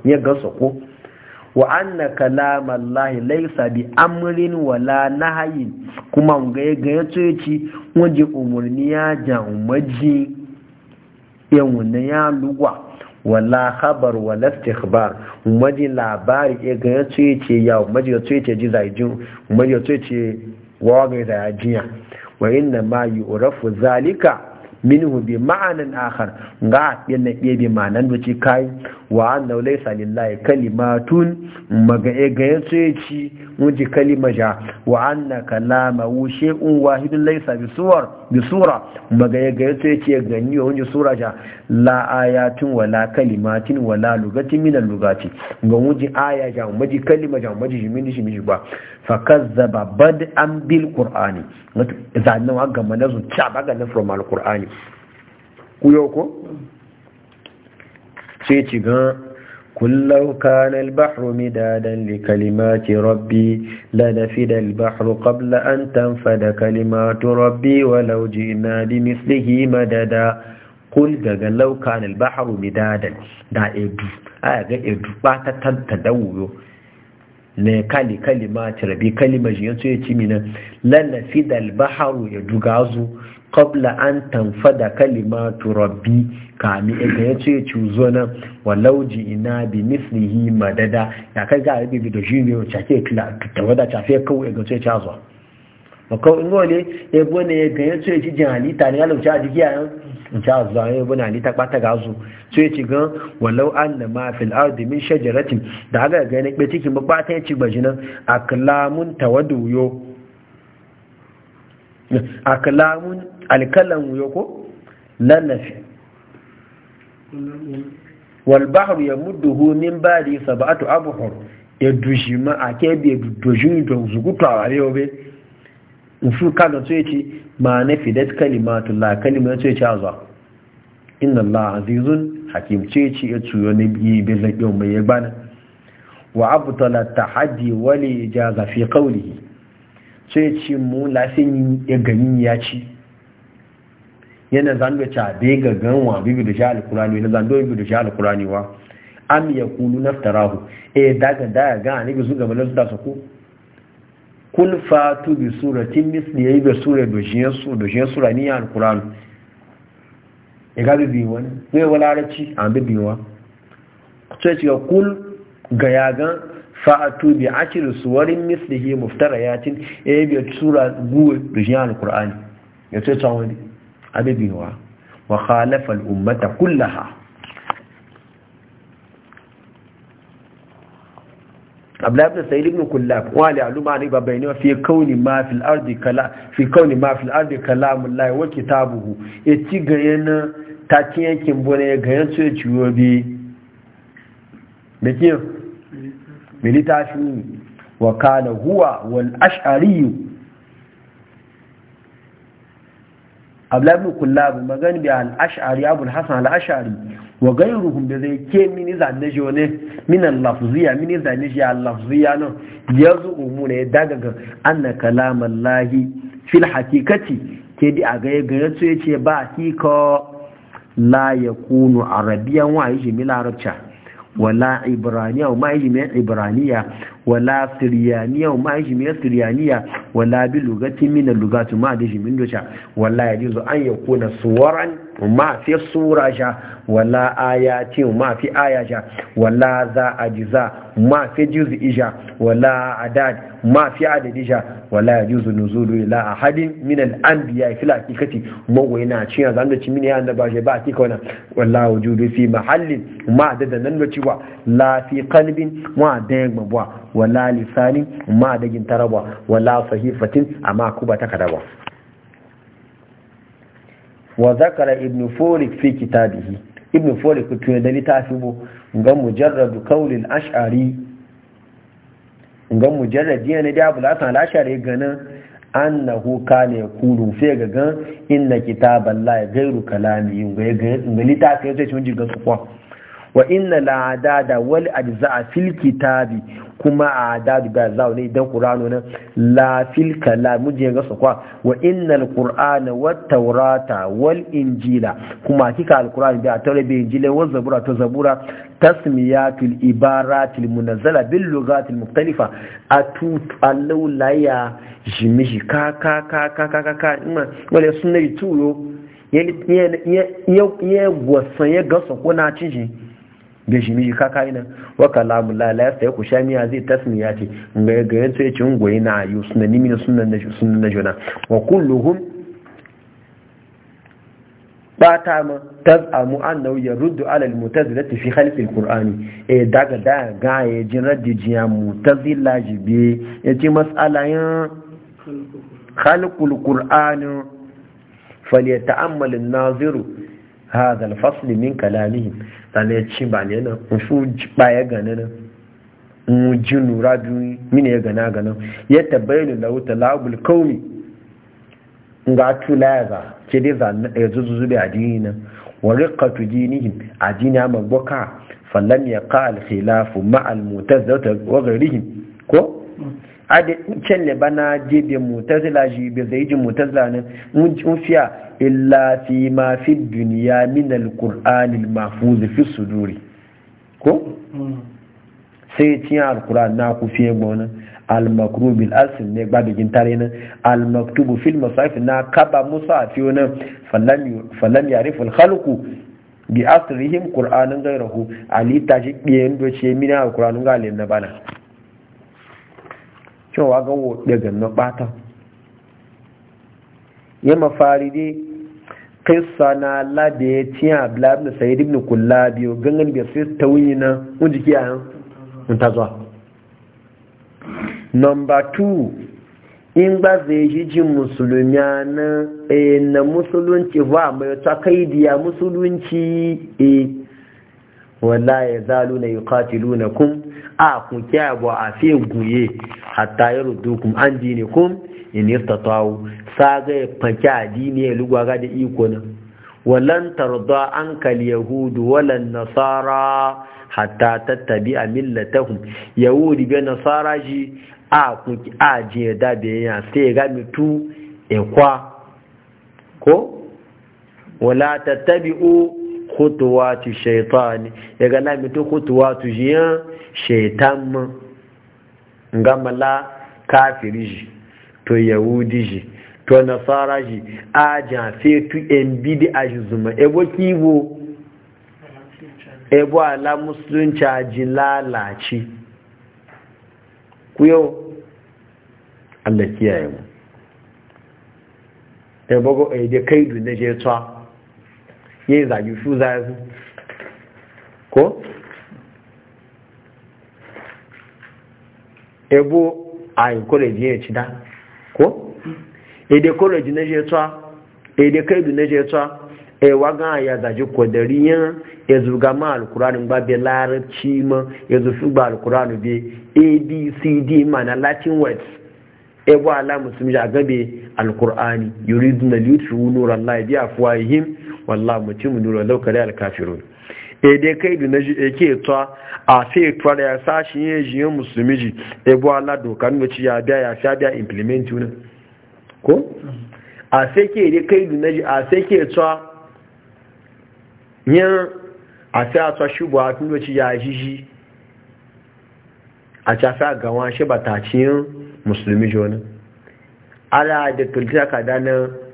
ya gasa ko wa anna kalam Allah laysa bi amrin wala nahyin kuma ga ga yace ci umurni ya ja umaji ya wannan ya lugwa wala khabar wala istikhbar umaji labari ga yace ci ya umaji yace ci ji zaijin umaji yace ci wa ga da wa inna ma yu'rafu zalika minhu bi ma'anan akhar ga yana bi ma'anan ci kai wa annahu laysa lillahi kalimatun magaye ga yace kalima ja wa anna kalamahu shay'un wahidun laysa bisuwar bisura magaye ga ganiyo yace sura ja la ayatin wala kalimatin wala lugatin min lugati ga wuji aya ja maji kalima ja maji jimini jimini ba fa kazzaba bad an bil qur'ani zanna wa ga manazu cha baga na from al qur'ani kuyoko sai ci gan kullau kana al midadan li kalimati rabbi la nafida al-bahru qabla an tanfada kalimatu rabbi walau jina bi mislihi madada kul daga law kana al midadan da edu aya ga edu ba ta dawo ne kali kalimati rabbi kalimaji yanzu ya ci mina la nafida al ya dugazu qabla an tanfada kalimatu rabbi kami ita ya ce cuzo nan walau ji ina bi mislihi madada ya kai ga abi da shi ne ke chake ta wada ta chafe kawai ga ce chazo mako ingo ne ya bone ne ya ce ji jin halita ne alau cha jiki ayan in cha azza ya bone halita kwata ga su ce ci gan walau anna ma fil ardi min shajaratin da ga ga ne be tiki babba ta ci bajinan aklamun tawaduyo aklamun alkalan wuyo ko lannafi walbahar ya ba min yi saba'atu abuhur ya dushi ma a kebe dushin da zugutu a warewa bai nufin kaga tsoye ce ma na fidat kalimatullah kalimar tsoye ce a zuwa inna Allah azizun hakim tsoye ce ya tsoyo na biyu bai zaɓe mai ya gbana wa abu talata hajji wale zafi fi kauli tsoye ce mu lafiyan ya gani ya ci yana zando cha be ga ganwa bibi da sha alkurani yana zando bibi da sha alkurani wa am yakulu naftarahu e daga daga ga ni bizu ga malan su da su ku kul fatu bi suratin misli yayi bi sura do jiyan su do jiyan sura ni alkurani e ga bi wani ne wala raci an bi biwa sai ci kul ga yagan fa'atu bi ashir suwarin mislihi muftarayatin e bi sura gu do jiyan alqur'ani ya ce tsawon abebewa wa khalafa ummata kullaha abdullahi ibn sa'id ibn kullab wa li aluma ni babaini fi kauni ma fil ardi kala fi kauni ma fil ardi llahi wa kitabuhu e ci ta ci yankin bone gayen su ya ciwo bi da ke wa kana huwa wal ash'ari abdullahi ibn kullab magani bi al'ashari ashari abu al wa da zai ke mini zane shi wani min lafziya mini zane shi lafziya ya yazu umu ne daga ga anna kalamallahi fil hakikati ke di aga ya ga yace ba hakika la yakunu arabiyan wa yi jimila arabcha wala ibraniya ma ibraniya wala siriyaniya ma ilimin siriyaniya wala bi lugatin min lugatu ma da jimin docha wala yajuzu an yakuna suwaran ma fi sura ja wala ayati ma fi aya ja wala za ajiza ma fi juz'i ja wala adad ma fi adadi ja wala juzu nuzulu ila ahadin min al-anbiya fi al-haqiqati mo wayna cin zan da cimin ya annaba ba hakika wani. wala wujudu fi mahallin ma da nan da ciwa la fi qalbin ma da wala lisanin ma da gintarawa wala sahifatin amma kuba takadawa wa zakara ibn folik fi kitabihi ibn folik tuni da littafi bu ga mujarradu kaulin ash'ari ga mujarradi yana da abu latan al'ashari ganin annahu kana yakulu sai ga gan inna kitaballahi ghayru kalami ga ga littafi sai cin jigan su kwa wa inna la'adada wal ajza fil kitabi kuma a adadu ga zawo ne idan qur'ano nan la fil kala muje ga sokwa wa al qur'ana wat tawrata wal injila kuma kika alqur'ani da tawrabi injila wa zabura to zabura tasmiyatul ibaratil munazzala bil lughatil mukhtalifa atu alawlaya jimishi ka ka ka ka ka ka ima wala sunna tuyo ya ya ya gwasan ya ga cin ciji da shi miji kaka ina wa kalamu la la yasta ku sha miya zai tasmiya ce ga ga yace ya cin goyi na ayu sunan ni na sunan na sunan na jona wa kulluhum bata ma tazamu annahu yaruddu ala almutazilati fi khalqi alqur'ani E, daga da ga ya jin raddi jiya mutazila jibe yace mas'alayan khalq alqur'an falyata'ammal an-naziru hadha al-fasl min kalamihim zane ci ba ne nan nfu ba ya gane nan mu ji nura mini ya gana gana ya tabbayin da wuta labul in ga tula ya za ke dai zane ya zuzu zube addini nan wa riqatu dinihim addini a magbaka fallam ya ka al khilaf ma zauta wa ko ade kyan ne bana jibe mutazila jibe da yijin mutazila ne mun fiya illa fi ma fi duniya min alquran almahfuz fi suduri ko hmm. sai cin alquran na ku fiye gona almakru bil asl ne ba bigin tare ne almaktubu fil masahif na kaba musa fi wani falam yarifu alkhalqu bi asrihim qur'anan ghayrahu ali taji do ce mina alquranun ga na bana cewa ga wode ganna bata ya mafari dai kaisa na labe ya ci a na sayi ibn kula biyu gangan bai sai ta wuyi na mun jiki a yan ta zuwa number 2 in ba zai yi jin musulmi na eh, na musulunci ba mai ta kaidiya musulunci eh wala ya zalu na yi katilu na kum a kun kyawa a fi guye hatta ya rudu kum an dini kum in yi sa ga ya fanki a dini ya lugwaga da iko na walan tarda an kal yahudu walan nasara hatta tattabi a millatahum Yahudu bai nasara ji a kun a ya da ya sai ga ya kwa. ko wala tattabi'u khutuwatu shaytan ya ga tu to khutuwatu jiya shaytan ma la kafiri ji to yahudi ji to nasara ji aja fe tu en bidi zuma ebo kibo ebo ala musulunci ji lalaci kuyo Allah kiyaye mu ebo go e de du ne je tsawa ya zagi su za su ko ebu a encourage ya ci da ko ede college na je tsa ede kaidu na je e ya zaji kodari ya zuga ma alkuranin ba bi larabci ma ezu ba bi abcd ma na latin words ala musulmi a gabe alkurani yuridun wallahi mutumin nuru laukari kare al kafirun e dai kai da na e ke twa a sai twa da ya sashi yin jiyan musulmi ji e bo ala doka ne ci ya biya ya sha biya implement ne ko a sai ke dai kai da na a sai ke twa yin a sai a twa shubu a tun ci ya jiji a cafi a gawa shi ba ta yin musulmi ji wani ala da tulta ka danar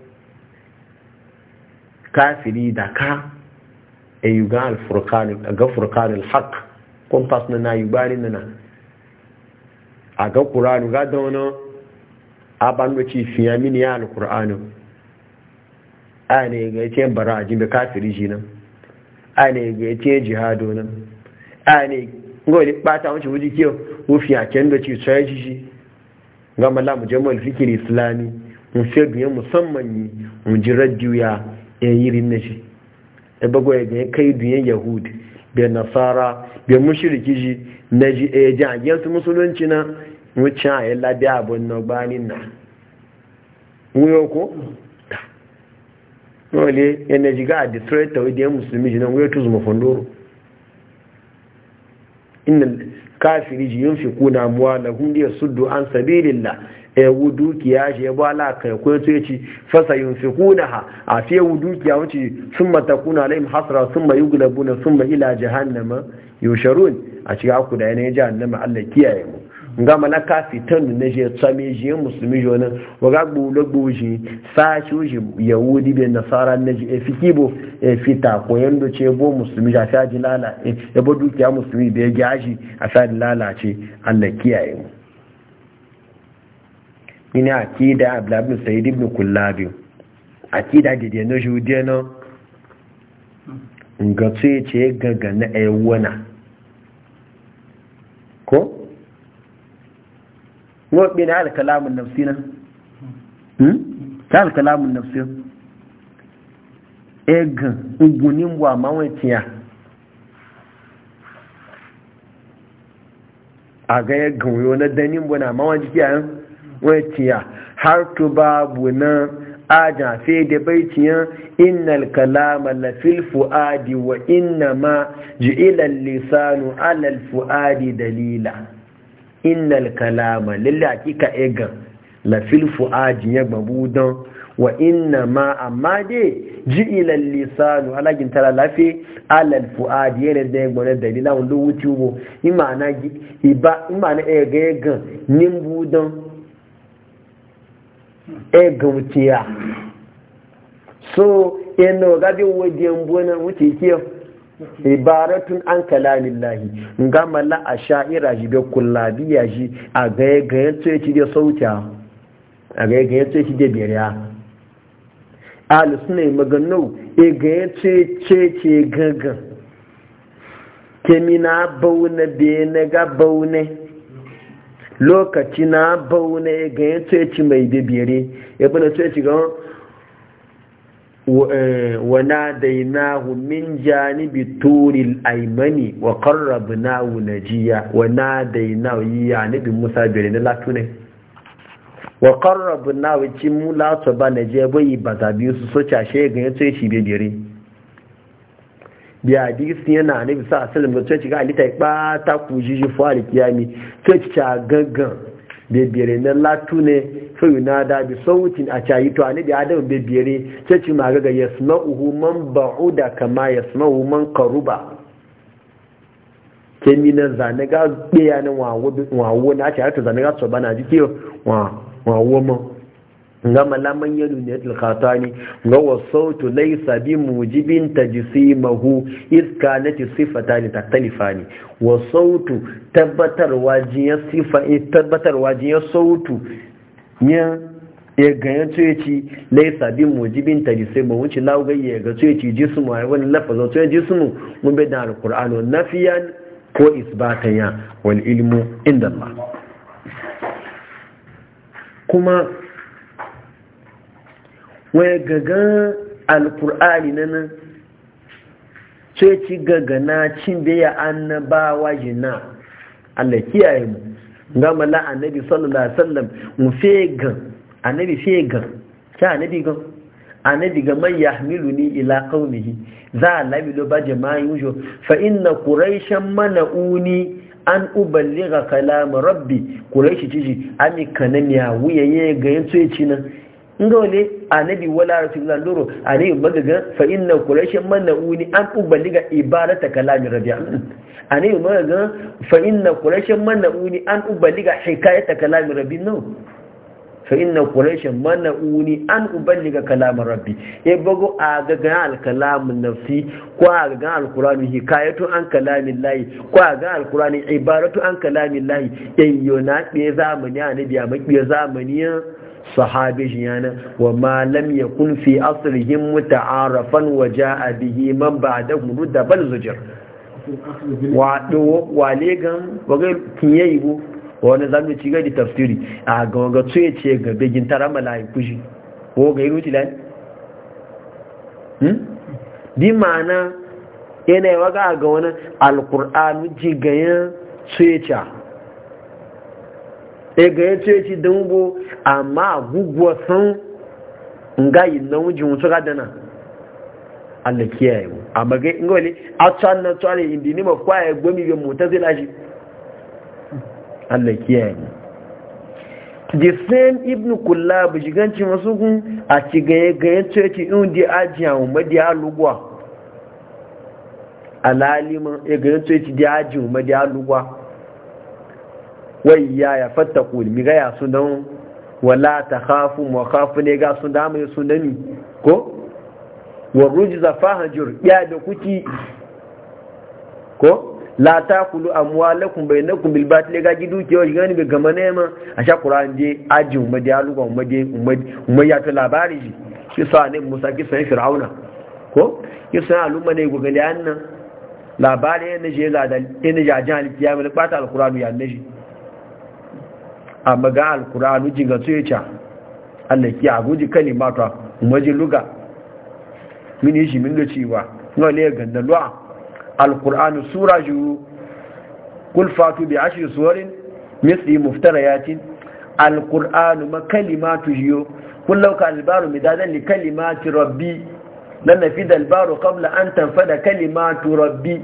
kafiri da ka a yi ga alfurkanin haq kumfas na na yi nana a ga ƙuranu ga dauna wani abandoci fiye mini ya alƙuranu a ne ga ce bara a jimbe kafiri shi nan a ne ga ce jihado nan a ne gole ɓata wuce wuji kiyo wufi a kyan da ci tsaye shi ga malamu jamal fikir islami mun fiye musamman yi mun ji radiyo ya ya yi rinna shi ya bagwa ya kai duniyar Yahudi, bai nasara bai mushiriki shi na ji ya eh, ji agiyarsu musulunci na wuce a yi labi abin na gbani na wuyo ko wale na ji ga a detroit ta ya musulmi ji na wuyo tuzu mafandoro inda kafiri ji yin fi kuna muwa lahun da ya suddu an lilla. ewu dukiya shi yabo alaka ya kwayo ya ci fasa yin fi kunaha a fi ewu dukiya wuce sun mata kuna alayhim hasra sun ma yuglabu na sun ma ila jahannama yusharun a cikin aku da yanayin jahannama allah kiyaye mu nga mana fitan tan na je tsame je musulmi jona waga gbulo gbuji sashi je yahudi da nasara na je fikibo fita ko yando ce bo musulmi ja fi ajilala e bo dukiya musulmi be gaji a fi lalace allah kiyaye mu ina akida abdulhamid sayid ibn kullabi náà da tó yẹ ga tsaye ce gaga na kó ko? waɓe ní alkalamun nafsi na? ta hmm? alkalamun nafsi egan ugunin wa mawaikiya a ga yagan wuyo na ní bu na ìtìyà yan? wacciya har to babu nan aja fe da baitiyan innal kalama la fil fuadi wa inna ma ju'ila lisanu ala al fuadi dalila innal kalama lalla hakika egan la fil fuadi ya babudan wa inna ma amma dai ju'ila lisanu ala la fi ala al fuadi yana da gbona dalila wanda wuti wo imana iba imana egan nimbudan egauciya so yana gadi wajen buwanan wuce kiyo ibaratun an kalamin lahi gama la a sha'ira shi da kullabiya shi a ga gaya tsoci da sauta a ga gaya tsoci da biyarya alisunai maganau e gaya tsoci gangan kemina bauna biya na ga baunai lokaci na baune ga ya tsoci mai bibiri ya fi na tsoci ga wana eh, dainahu min janibi turi al’aimani wa qarrabnahu najiya wana dainahu ya bi musa bere na latunai wa na ci mu latu ba yi bai zabi su so shi ga ya tsoci bibiri bi hadisi yana ne bisa salim da tsoci ga alita ikpa ta fuwa da kiyami tsoci ta gangan bebere na latu ne fayu na da bi sautin a cayi to ne da adam bebere tsoci ma ga uhu man da kama uhu man karuba kemi na zane ga na wawo na a cayi to zane ga tsobana wawo man ga malaman yadu ne til khatani ga wasautu laysa bi mujibin tajsimahu iz kanati sifatani taktalifani wasautu tabbatar jiya sifa eh, tabbatar jiya sautu ya ya ganyen tsoyaci laysa bi mujibin tajsimahu wuce lawgai ya ga tsoyaci jismu ai wani lafazo tsoyaci jismu mun bai da alqur'ano nafiyan ko isbatan ya wal ilmu inda Allah kuma waya gaga alkur'ani na nan ce ci gagana cin da ya annabawa jina Allah kiyaye mu gama la annabi sallallahu alaihi wasallam mu fega annabi fega ta annabi gan annabi ga man yahmiluni ila qaumihi za annabi do ba jama'i yujo fa inna quraishan mana'uni an uballigha kalam rabbi quraishi tiji ami wuya, wuyaye ga yanto yaci nan ngole annabi wala rasulullah duro annabi magaga fa inna quraish nauni an ubaliga ibarata kalami rabi'a annabi magaga fa inna quraish nauni an ubaliga hikayata kalami rabi'a no fa inna quraish nauni an ubaliga kalami rabbi e bago agaga al kalam nafsi ko agaga al qur'ani hikayatu an kalami llahi ko agaga al qur'ani ibaratu an kalami llahi yayyona e be zamani annabi a makiye zamani. sahabi shi yana wa ma lam yakun fi asrihim muta'arafan wa ja'a bihi man ba'dahu rudda bal zujr wa do wa legan waga kinye yibo wani zamu ci gadi tafsiri a ga ga tsoye ce ga begin tara malaiku kushi? ko ga yiru tilal hmm bi ma'ana yana waga ga wani alqur'anu jigayen tsoye ce E ga ya ce ci don bu amma guguwa sun nga yi na wujin gadana Allah kiyaye mu amma ga inga wani a can na tsare indi ni ma kwaye gomi ga zai lashi Allah kiyaye mu di same ibn kullab shiganci masu gun a ci gaye gaye ce ci in di ajiya mu madiya lugwa alalimin ya ce ci di ajiya mu wai ya fattaku mi ga ya su don wala ta khafu wa khafu ne ga su da mai su dami ko wa rujza fahajur ya da kuki ko la ta kulu amwalakum bainakum bil batil ga gidu ke wa gani ga gama ma a sha qur'an je aji umma da lugo umma je umma ya ta labari shi sa ne musa ki sai fir'auna ko ki sai alumma ne gogali annan labari ne je la da ne ja jan alkiyama ne bata alqur'anu ya ne shi a maga alkur'anu ga su yace Allah ki aguji kalimata umaji luga mini shi min da cewa wale ganda lu'a alkur'anu sura ju kul fatu bi ashri suwarin misli muftariyatin alkur'anu ma kalimatu jiyo kullau ka albaru midadan li kalimati rabbi lan nafida albaru qabla an tanfada kalimatu rabbi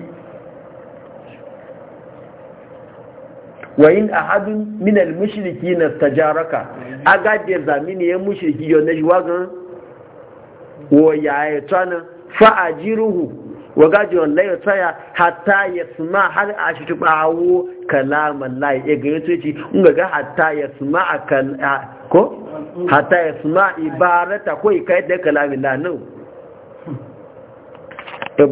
wa in ahadun min al-mushriki na tajaraka aga de zamini ya mushriki yo na jiwagan wo ya ya tsana fa ajiruhu wa gaji wallahi tsaya ya suma har a shi tubawo kalaman lai e ga yato ci in ga hatta yasma a ko hatta yasma ibarata ko kai da kalamin la nan e,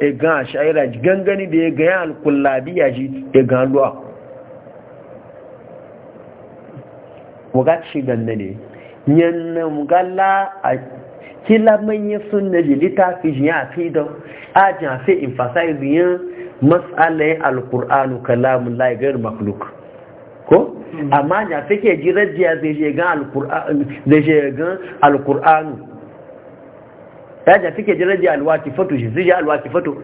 e shaira gangani da ya gaya al kullabiya ji e ga luwa waga ci ganna ne yanna mugalla a kila manyan suna ji littafi ji ya fi don ajin fi emphasize yin matsalai alkur'anu kalamun laigar makhluk ko hmm. amma ya fi ke ji rajiya zai je gan alkur'anu ya ja fi ke ji rajiya alwati fato shi zai ji alwati fato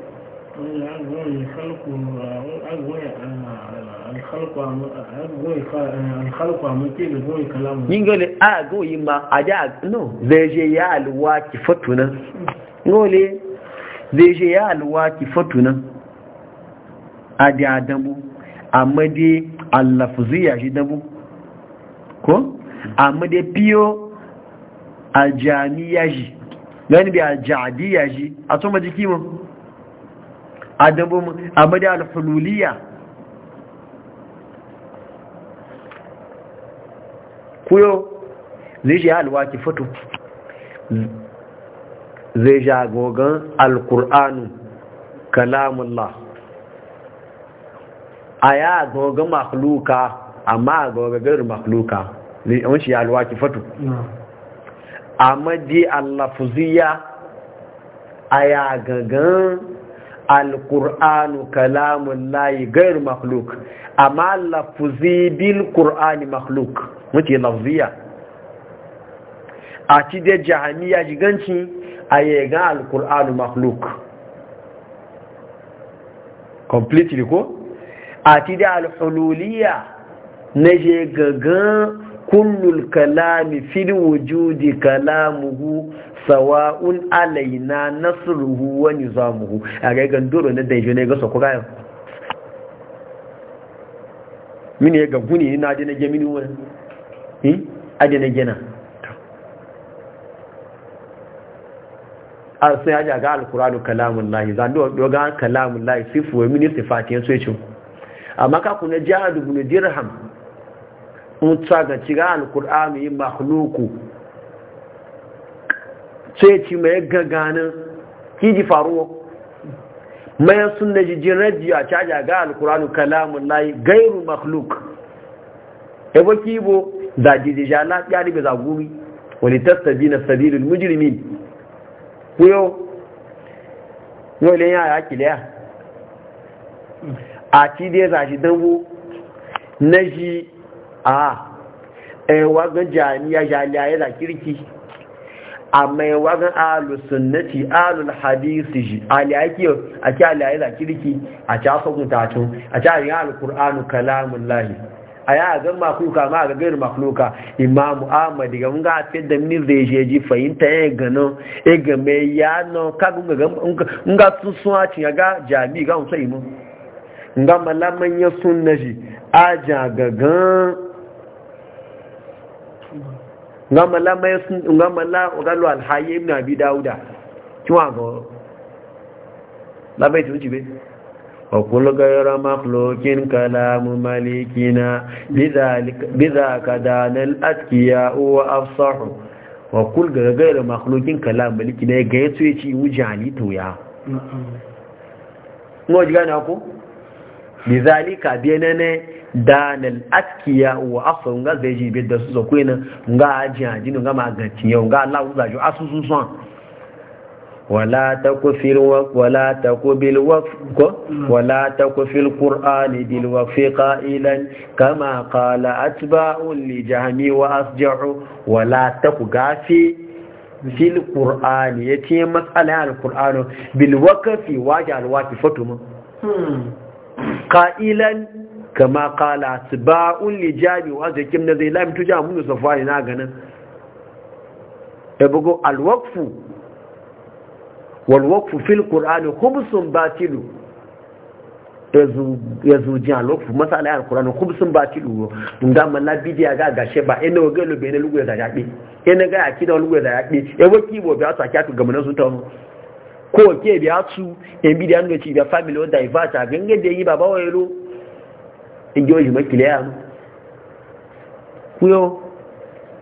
yingole a go yi ma a ja no zai je ya alwa ki fatunan ngole zai je ya alwa ki fatunan a di da damu amma dai allafuziya shi damu ko amma dai fiyo a jami'a shi gani bi a jadiya shi a tuma jiki mu a madi amma dai alhululiya kuyo zai shi halwa ki fito zai jagogan alkur'anu kalamullah a ya gogon makhluka amma a gogagar makhluka zai shi halwa ki fito amma ji allafuziya a ya gagan alƙur'anu kalamun layi gairu makhluk amma lafuzi bil ƙur'ani makhluk wuce lafziya a ci da jahamiya shiganci a yaga alƙur'anu makhluk completely ko a ti da alhululiya na je gagan kullul kalami fil wujudi kalamuhu sawa'un alaina nasruhu wa nizamuhu a ga gandoro na dai ne ga sokura yau mini ga guni ina na je na gemini mini wani eh hmm? aje na gena a sai aje ga alquranu kalamullahi za do ga kalamullahi sifu wa mini sifatin sai ci amma ka kuna jihad ibn dirham mutsa ga cira alkur'ani makhluku sai ci mai gaganin kiji faruwa mai sun da jijin rajiya a caja ga alkur'ani kalamun layi gairu makhluk yabo e kibo da jijija lafiya ribe zaguri wani tattabi na sabirin mujirmi kuyo wani yaya kiliya a ci dai zashi dambu na shi a wagan jami'a jaliya da kirki A amma wagan alu sunnati alul hadisi ji aliyaki a ci aliyayi da kirki a ci asakunta tun a ci aliyan alkur'anu kalamun lahi a a ga makuluka ma ga gairu makuluka. imamu ahmad ga nga fi da min zai je ji fahimta ya gano e ga me ya no ka ga nga tsusun a cin ga jami ga unsa imu nga malaman ya sunna shi a ja gagan ngamala mai sun ngamala ogalo alhaye ibn abi dauda kiwa go labai tun jibe wa kullu ghayra makhluqin kalamu malikina bidhalika bidhaka danal atqiya wa afsahu wa kullu ghayra makhluqin kalamu malikina ga yato yaci wujali toya ngoji gana ko bidhalika bienene danil atkiya wa asu ga zai biyar da su zakwai Nga ga ajin ajinu ga maganci yau ga Allah uza ju asu sun son wala takufil wala takubil wafqa wala takufil qur'ani bil wafiqa a kama qala atba'u li jahmi wa asja'u wala taku gafi fil qur'ani yace mas'ala al qur'anu bil waqfi wajal waqfi fatuma hmm. qailan kama kala tiba'un li wa an zakim na zai lami tuja mun safa ne na ganin da bugo alwaqfu wal waqfu fil qur'ani khumsun batilu yazo jin alwaqfu masala alqur'ani khumsun batilu nda mala bidiya ga gashe ba ina wage lo bene lugu da yabe ina ga akida lugu da yabe e waki bo bi a kyatu gamana sun tawo ko ke bi atu en bidiya nuna ci da family o divert a gangan da yi baba wayelo igiyoyi makile ya kuyo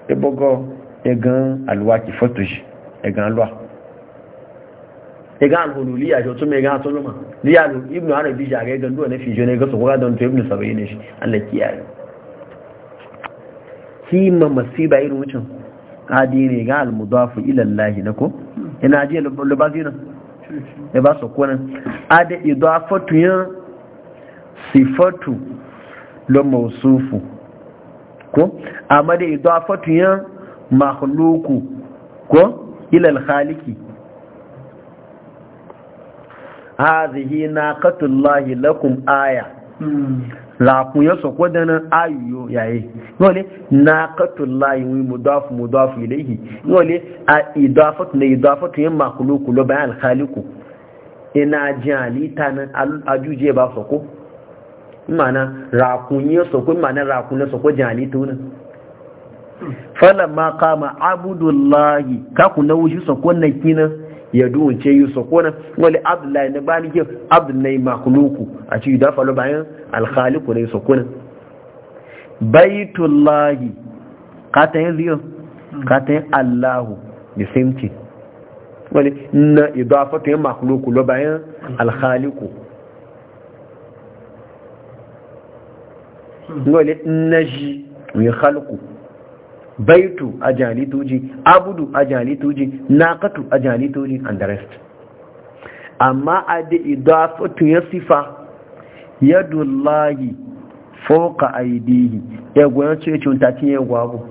ebogo egan aluwa ki foto shi egan aluwa egan alhululiya shi otu mai gan atoloma liyalu ibnu arabi shi aga egan duwa na fijo na gaso kwa don to ibnu sabayi ne shi allah kiyaye ma masiba irin wucin adi ne ga almudafu ilallahi na ko ina ji lubazinan da ba su kunan adi idafatu yin sifatu lo mausufu ko amma da idafatu yan makhluku ko ila al-khaliqi hadhihi naqatullahi lakum aya làkùn yóò sọ̀kọ́ dáná ayò yàyé wọ́n lé náàkàtùlá ìwọ̀n mọ̀dáfù mọ̀dáfù ilé yìí wọ́n lé ìdáfọ́tù na ìdáfọ́tù yẹn màkùlùkù lọ bayan alkhaliku ina jẹ́ àlítà na ajújẹ́ bá sọ̀kọ́ mana rakunye su kun mana rakunye su ko jani tuna falamma kama abudullahi ka ku na wuce su ko na kina ya duwunce yi su ko na wani abdullahi na bani ke abdullahi makuluku a ci da falo bayan alkhaliku ne su ko na baitullahi ka ta yin ziyo ka ta yin allahu da simci wani na idafatu yi makuluku lo bayan alkhaliku ngole naji mai khalqu baitu ajali tuji abudu ajali tuji naqatu ajali tuji and the rest amma adi idafatu ya sifa yadullahi fawqa aydihi egwa ya ce cin tatin egwa bu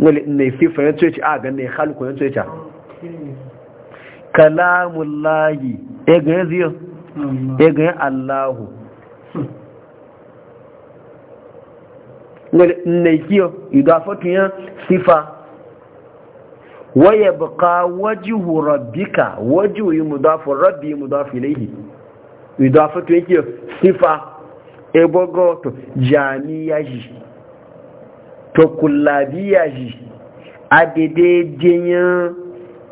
ngole ne sifa ya ce a ga ne khalqu ya ce kalamullahi e ya ziyo egwa Allahu naikiyo idafatu ya sifa waya buka wajihu rabbika wajihu yi mudafu rabbi yi mudafu ilaihi idafatu yake sifa ebogo to jami'a ji to kullabiya ji adede jeyan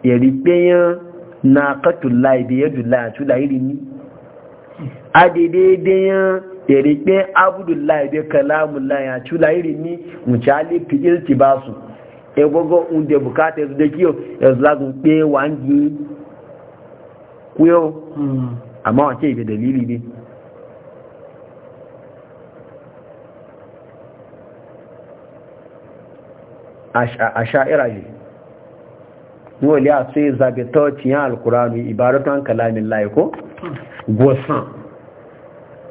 yaripeyan na katulabi yadu la tula iri ni adede deyan ya riƙe abdullahi bai kalamun laya cula iri ni mucali fi ti ba su ya gogo inda bukata ya da kiyo ya zulagun ɗe wangi kuyo amma wace ibe dalili ne a sha'ira ne wani a sai zagatar ciyan alkurani ibaratan kalamin laye ko gosan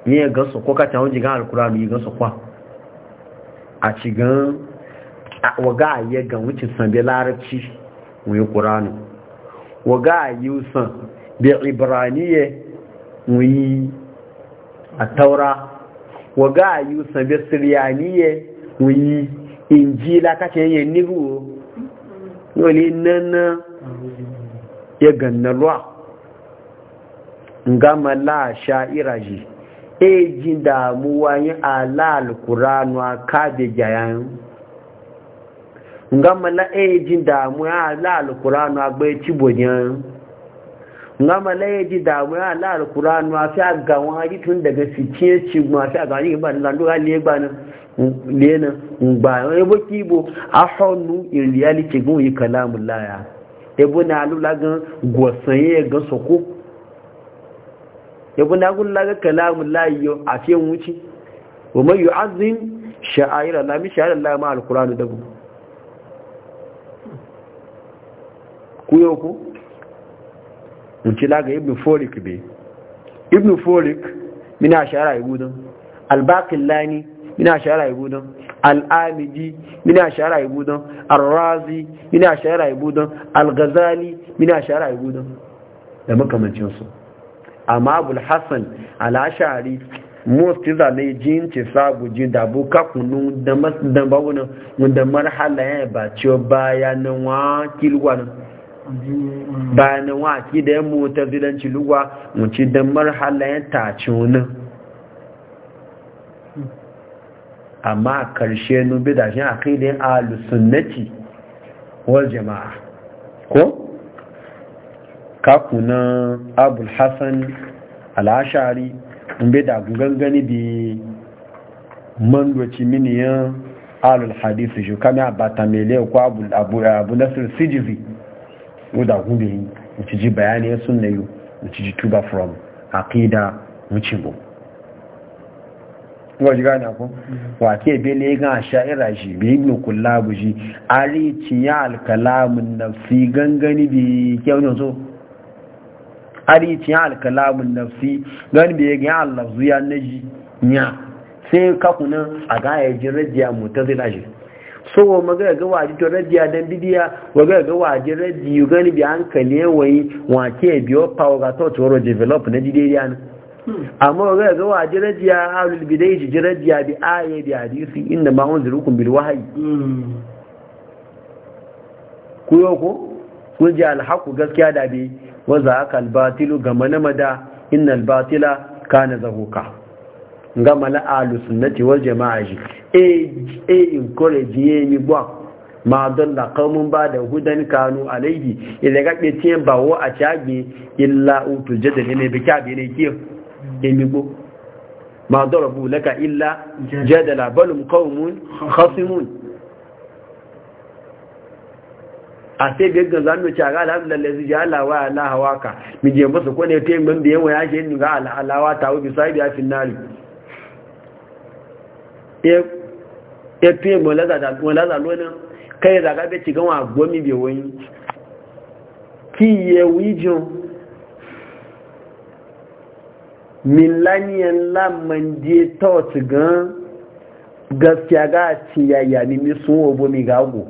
yin gan sokwa ka tawon jigan alkuranu yi gan sokwa a ci waga ayi ya gan wucin san bi larabci wuyi kuranu waga a yi be bi ibraniye wuyi a taura waga a yi san bi siriyaniye wuyi injila ka ce yin nigu wani nan ya ganna nga gama la sha'ira iraji. eji damuwa yin alal kuranu aka da jayan nga mala eji damuwa alal kuranu agba eci bonyan nga mala eji damuwa alal kuranu afi aga wọn haji tun daga fice cigun afi aga wọn yi gba nila ndora liye gba na liye na ngba ebo kibo ahonu in reality gun yi kalamun laya ebo na alula gan gwasan yi gan soko yabu na gun laga kalamun layiyo a fiye wuce wa mai yu'azzin sha'air Allah mi sha'air Allah ma alqur'anu dabu ku yau ku wuce laga Ibn folik be Ibn folik mina sha'ara albakin lani mina sha'ara ibudan al'amidi mina sha'ara ibudan arrazi mina sha'ara ibudan alghazali mina sha'ara ibudan da makamancinsu amma abul hassan alashari most zane jin ce sabu jin da bu kakunu da babunan wanda marhala ya ba ciwo bayanin wa kilwa nan bayanin wa aki da ya mota zidanci lugwa mu ci da marhala ya ta ci wani amma a karshe nubi da shi a kai da ya alusunnaci wal jama'a ko? kakuna abul hassan al'ashari in bai da gangane da mandoci miniyan alul hadisi shi kame abata mele ko abu nasir sijizi yau da gube yi wuce ji bayani ya sun yi wuce ji tuba from akida wuce bu ga ji gane ku mm-hmm. wake bele ga sha'ira shi bi ibn kullabu shi ari ciya alkalamun nafsi gangani bi kyau ne so ari ci alkalamun nafsi gani bai ga lafzu ya naji nya sai ka kuna a ga ya ji rajiya zai shi so wa maga ga waji to rajiya dan bidiya wa ga ga waji rajiyu gani bi hankali wai wa ke biyo power ga to to develop na didiya ne amma ga ga waji rajiya halul bidai ji rajiya bi aye bi hadisi inda ma unzirukum bil wahyi hmm. ku yo ko ku ji alhaku gaskiya da bi wa za ka albatilu ga manamada inna albatila kana zahuka ga mala alu sunnati wal jama'a ji e in e, encourage ye mi gwa ma dalla qaumun ba da hudan kanu alaihi ila ga be tiyan ba wa a cagi illa utu jadal ne bi ka bi ne ki e mi bo ma rabu laka illa jadala balum qaumun khasimun a sai ga zanu ci ga alhamdulillah zai jala wa ala hawaka mi je musu ko ne te mun biye wa yake ni ga alawa ta ubi sai biya finnari e e pe mo la da mo la da kai da ga ci gan gomi be woyin ki ye wijo milaniyan lamman je tot gan gaskiya ga ci yaya ni sun obo mi gago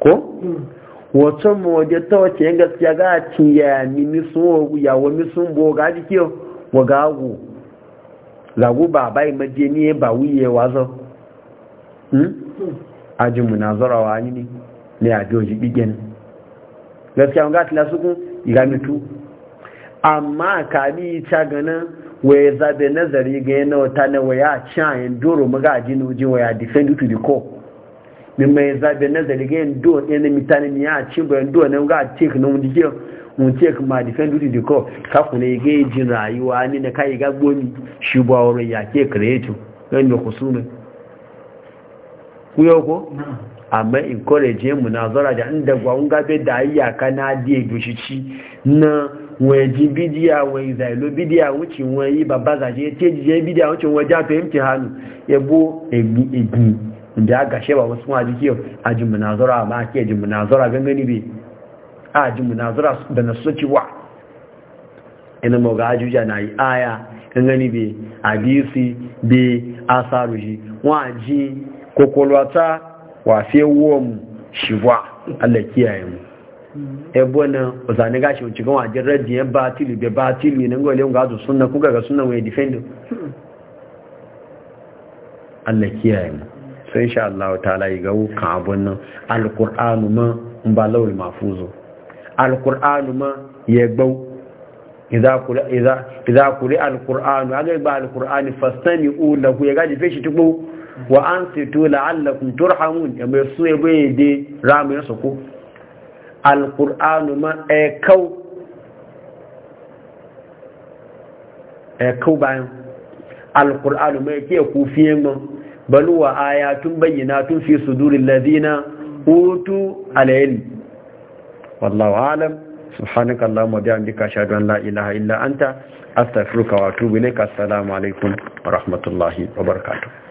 ko hmm. wato mu waje ta wace yin gaskiya ga a ci ya ni mi sun bo ga ji kiyo wa ga lagu ba bai maje ni ba wiye wazo hmm na munazara wa ni ne a doji ga mitu amma ka ni ta gana wai zabe nazari ga yana wata na waya cin ayin doro defend to the core min mai zabe na zarige na mitani ni ya ci bayan do na ga cek na wani ke mun cek ma defend duty the call ka ku ne ga ji rayuwa ni na kai ga gomi shi ba ya ke create dan da kusuma ku ko amma encourage mu na zara da inda gwaun gabe da ayyaka na die doshi ci na weji bidiya wai zailo bidiya wuce egbi egbi inda ya gashe ba wasu ma jiki a jin munazara ba ake jin munazara gangani be a jin munazara da nasu ciwa ina mu ga ajuja na yi aya gangani be hadisi be asaruji wa kokolwata wa fe wo shiwa Allah kiyaye mu ebo na ozani gashi wuce gan wajen batili be batili na ngole ga zu suna kuka ga sunna wai defendo hmm. Allah kiyaye mu so insha Allah ta'ala yi gawo kan abun nan alkur'anu ma in ba lawul mafuzo alkur'anu ma ya gbau idza kuri alkur'anu aga ba alkur'ani ula ku? ya gaji feshi tubo wa ansitu la'allakum turhamun ya mai su ya bai de ramu ya soko alkur'anu ma e kau e kau bayan alkur'anu ma ya ke kufiyen bal wa ayatun bayyinatun fi suduril ladina utu alayl wallahu alam subhanaka allahumma bihamdika ashhadu an la ilaha illa anta astaghfiruka wa atubu ilaik assalamu alaikum wa rahmatullahi wa barakatuh